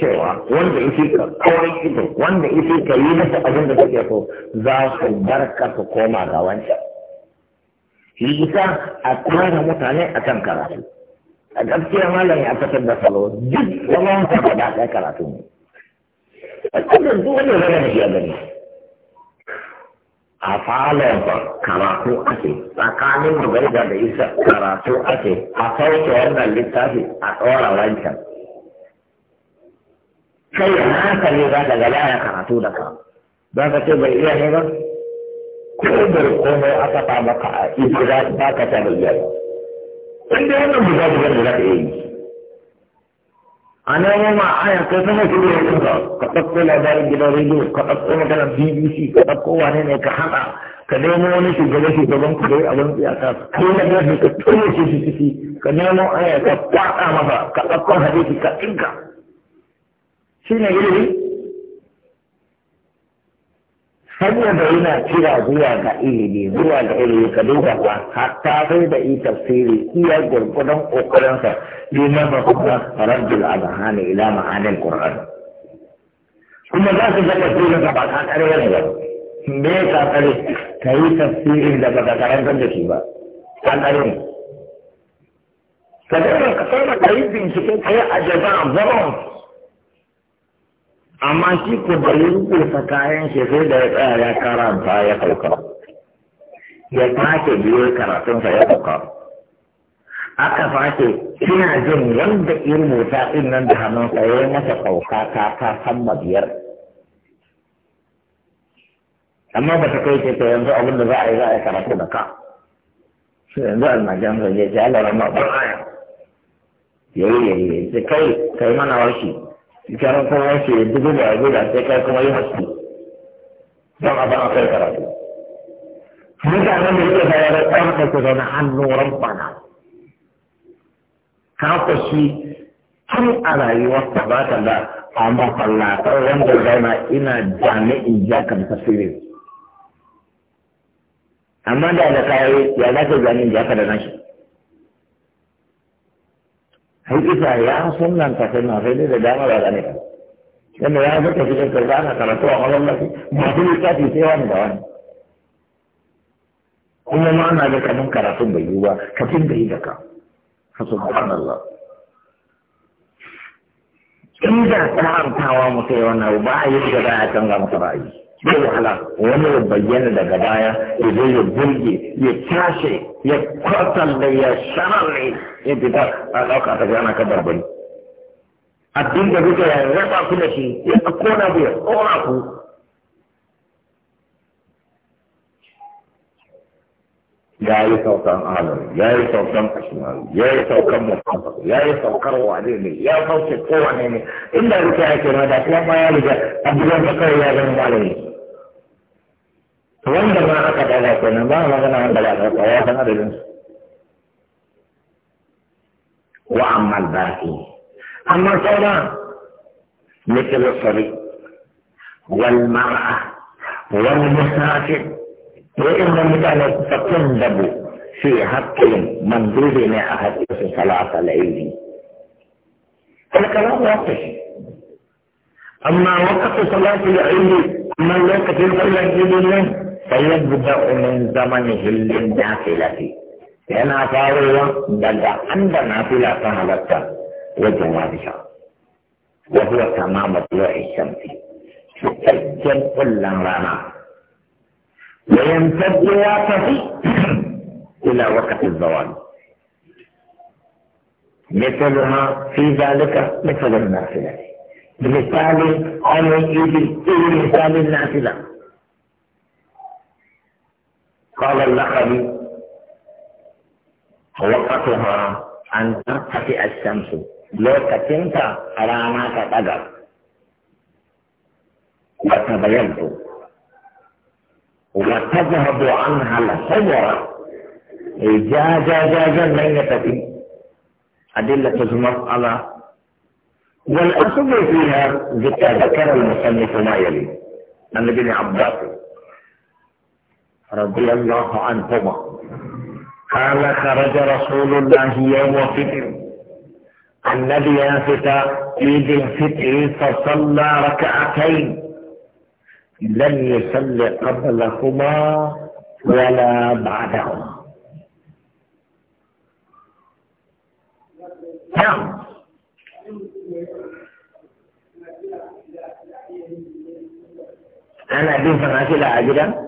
cewa wanda ya fi ka kawai ido wanda ya fi ka yi masa abin da suke so za su bar ka su koma ga wancan shi isa a kuma mutane akan karatu a gaskiya malam ya fitar da salo duk zaman ka da kai karatu ne a cikin duk wanda zai da shi a gani a falon ba karatu ake tsakanin magarga da isa karatu ake a sauke wannan littafi a tsora wancan kai hankali za ka gala laya karatu da ka za ka ce bai iya ne ba ko bai komai aka ta maka a isa za ka ta bai iya in dai wannan buga bugar da za ka iya yi a nan yamma ayan kai sama shi da yankin ka ka ɗauko labarin gidan rediyo ka ɗauko magana bbc ka ɗauko wane ne ka haɗa ka nemo wani shugaban shugaban ku dai abin tsiyaka kai na gashi ka tone shi shi ciki ka nemo aya ka kwaɗa masa ka ɗauko hadisi ka ɗinka shi ne ilimi Hanyar da yana kira zuwa ga ilimi zuwa ga ilimi ka duba ba hatta sai da yi tafsiri iya gurgudan kokarinsa liman ba kuma rabbul azhani ila ma'anil qur'an kuma za su ga tafsirin ka ba ka kare ne ba me ka kare kai yi tafsirin da ba ka karanta da shi ba ka kare ne ka daina ka kare ka yi bincike kai yi ajaban zaron amma shi ko da ya rubuta kayan shi sai da ya tsaya ya karanta ya sauka ya sake biyo karatunsa ya sauka aka sake kina jin yadda ya rubuta din nan da hannunsa ya yi masa sauka ta ta sama biyar amma ba ta kai ce ta yanzu abin da za a yi za a yi karatu da ka shi yanzu almajan zai je ya lalama ba aya yayi yi sai kai kai mana washi. kiran kowa ce dubu da yanzu da sai kai kuma yi haske don a ban akai karatu mutanen da suke sayar da tsarin da ke zaune hannun rabbana ka ku shi tun a rayuwarsa ba ta da amma fallatar wanda zauna ina jami'in jakar tasirin amma da da kayayi ya za jami'in jakar da nashi sai isa ya sunanta sunna sai dai da dama ba gane ka yadda ya zaka fi kan karba ana karatu a masallaci masu littafi sai wani da wani kuma ma ana ga kaman karatun bai yi ba ka tun da yi da ka subhanallah inda tsarantawa mutai wannan ba a yi da za a canza masa ra'ayi bai wahala wani ya bayyana daga baya ya zo ya burge ya cashe ya kwatar da ya shararre ya fita a ɗauka ta gana ka barbari abin da kuka ya raba ku da shi ya kona ku ya tsora ku ya yi saukan alam ya yi saukan ashimaru ya yi saukan muhammad ya yi saukar wane ne ya sauke kowane ne inda kuka ya kira da kuma ya riga abin da kawai ya zama malami wanda ma aka daga kenan ba ma gana wanda ba ka ya san adadin wa amal baqi amma sauda mithal sari wal mar'a wal musafir wa inna mutana fakun dabu fi haqqin man dubi ne a haqqin su salata layli kalkalan wakashi amma wakashi salata layli amma lokacin sallar jibin nan فيبدأ من زمنه للنافلة yana faruwa daga an da nafila ta halatta wajen wajisa wa huwa tamamu tulu'i shamsi cikakken kullan rana wa yamtaddu wa tafi ila waqtin zawal مثلها في ذلك مثل النافلة بمثال أمر إيدي مثال النافلة قال اللقبي وقتها أن تنطفئ الشمس لو كتمت على ما تقدر وتبينت وتذهب عنها الحمرة جا جا جا جا من يتفي أدلة المسألة والأصل فيها ذكر المصنف ما يلي النبي عباس رضي الله عنهما قال خرج رسول الله يوم فطر النبي يافت عيد الفتر فصلى ركعتين لم يصل قبلهما ولا بعدهما نعم أنا أبي فما لا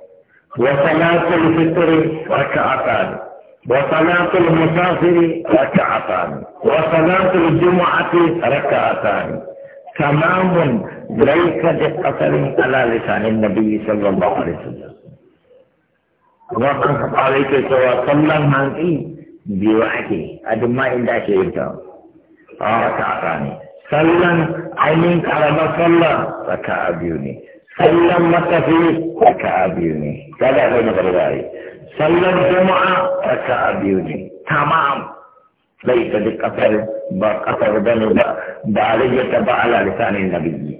وصلاة الفطر ركعتان وصلاة المسافر ركعتان وصلاة الجمعة ركعتان تمام ليس بقصر على لسان النبي صلى الله عليه وسلم وقف عليك سوى صلى المنقي بوحده أدماء إلا شئتا ركعتان صلى عينين على ما صلى ركع بيوني سلمت فيه ركع بيوني ثلاثة من الرواية سلم جمعة ركع بيوني تمام ليس بقتل بقصر بني بعلية على لسان النبي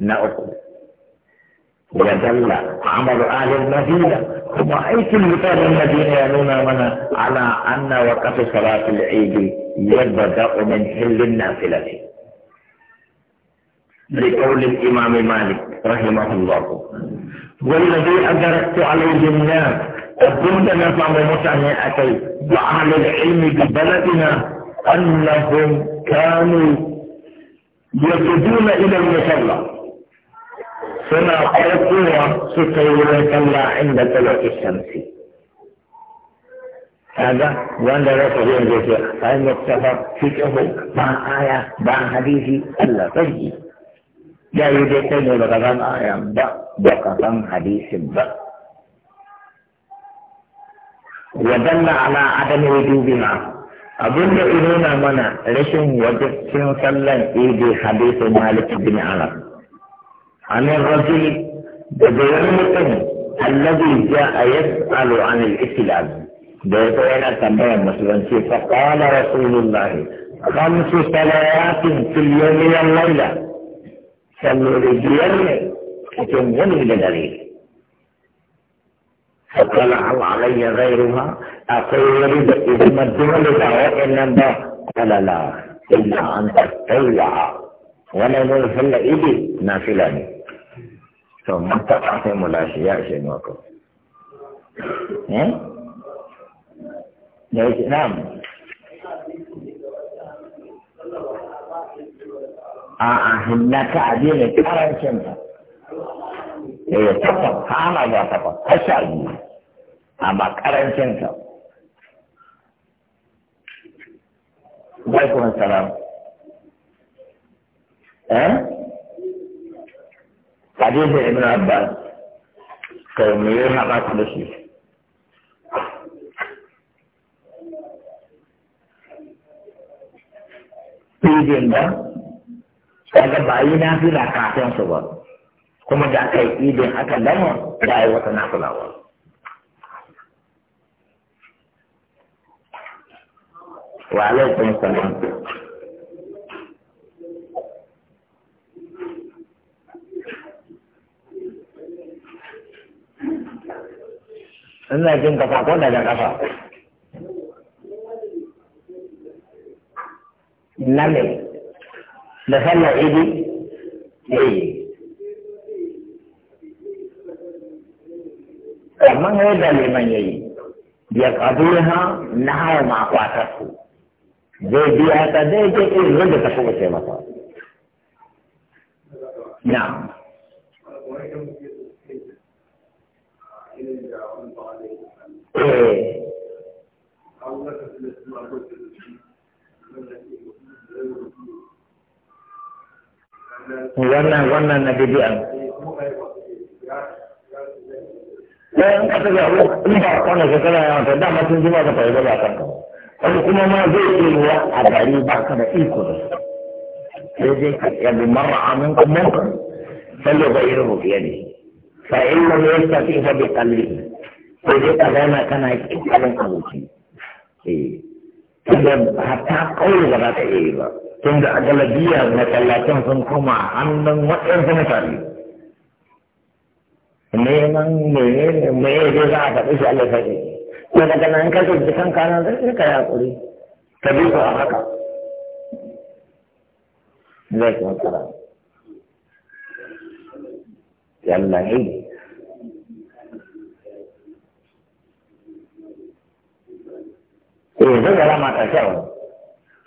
نقول نعم. ويدل عمل اهل المدينه هم ايتم مثال المدينه ينون منا على ان وقت صلاه العيد يبدا من حل النافله لقول الإمام مالك رحمه الله والذي أدركت عليه الناس كنت نفهم متعني أتي وأهل العلم ببلدنا أنهم كانوا يصدون إلى المصلى فما قلتوا ستيرا كلا عند طلوع الشمس هذا وانا لا تغير ذلك فإن اكتفى فكره مع آية مع حديث ألا طيب da yi dai kai ne baka san ayan ba baka san hadisin ba wa dalla ala adami wujubiha abin da nuna mana rashin wajibcin sallan idi hadisin malik bin anas anin rajul da bayan mutum allazi ja'a yas'alu an al-islam da ya zo yana tambayar musulunci fa qala rasulullahi khamsu salawatin fil yawmi wal layla كالمولديين كتنهم بدليل فطلع علي غيرها أقول لك إذا ما الدول دعوة إنما قال لا إلا أن تطلع ولا يقول فلا إيدي نافلاني ثم تقاسم الأشياء شيء وكفر نعم a'a hannaka a daina karancin ta eh takwas hana ba takwas har sha biyu amma karancin ta alaikum salam eh hadisi ibn abbas kai me ya haɗa ku da shi Pidin da kaga ba yi na fila kafin su ba kuma da aka yi idin aka lama da yi wata na fulawa wa alaikum salam ina jin kafa ko daga kafa na ne da sallar idi eh kamar da liman ya yi ya kadu ha na hawa makwatar zai biya ta zai ke irin da ta kuma ce masa na eh wannan wannan na bidiyan sai eh, an kasa ga in ba kwana shekara ya wata dama sun ji ba ka fahimta ba kanka wani kuma ma zai iya yiwa a gari ba ka da iko da sai dai ka yabi mara amin ka munkar sallo ga irin rufiya ne fa in lam yastati fa bi qalbi sai dai ka gana kana kikalin aboki eh tunda hatta kawai ba za ta iya yi ba tunda a galabiya masallatan sun koma hannun waɗansu mutane neman menene mai zai za a faɗi shi Allah faɗi ko daga nan ka ce kan kana zai sai ka yaƙuri ka bi ko a haka zai kuma kara yalla ne eh zai zama ta kyau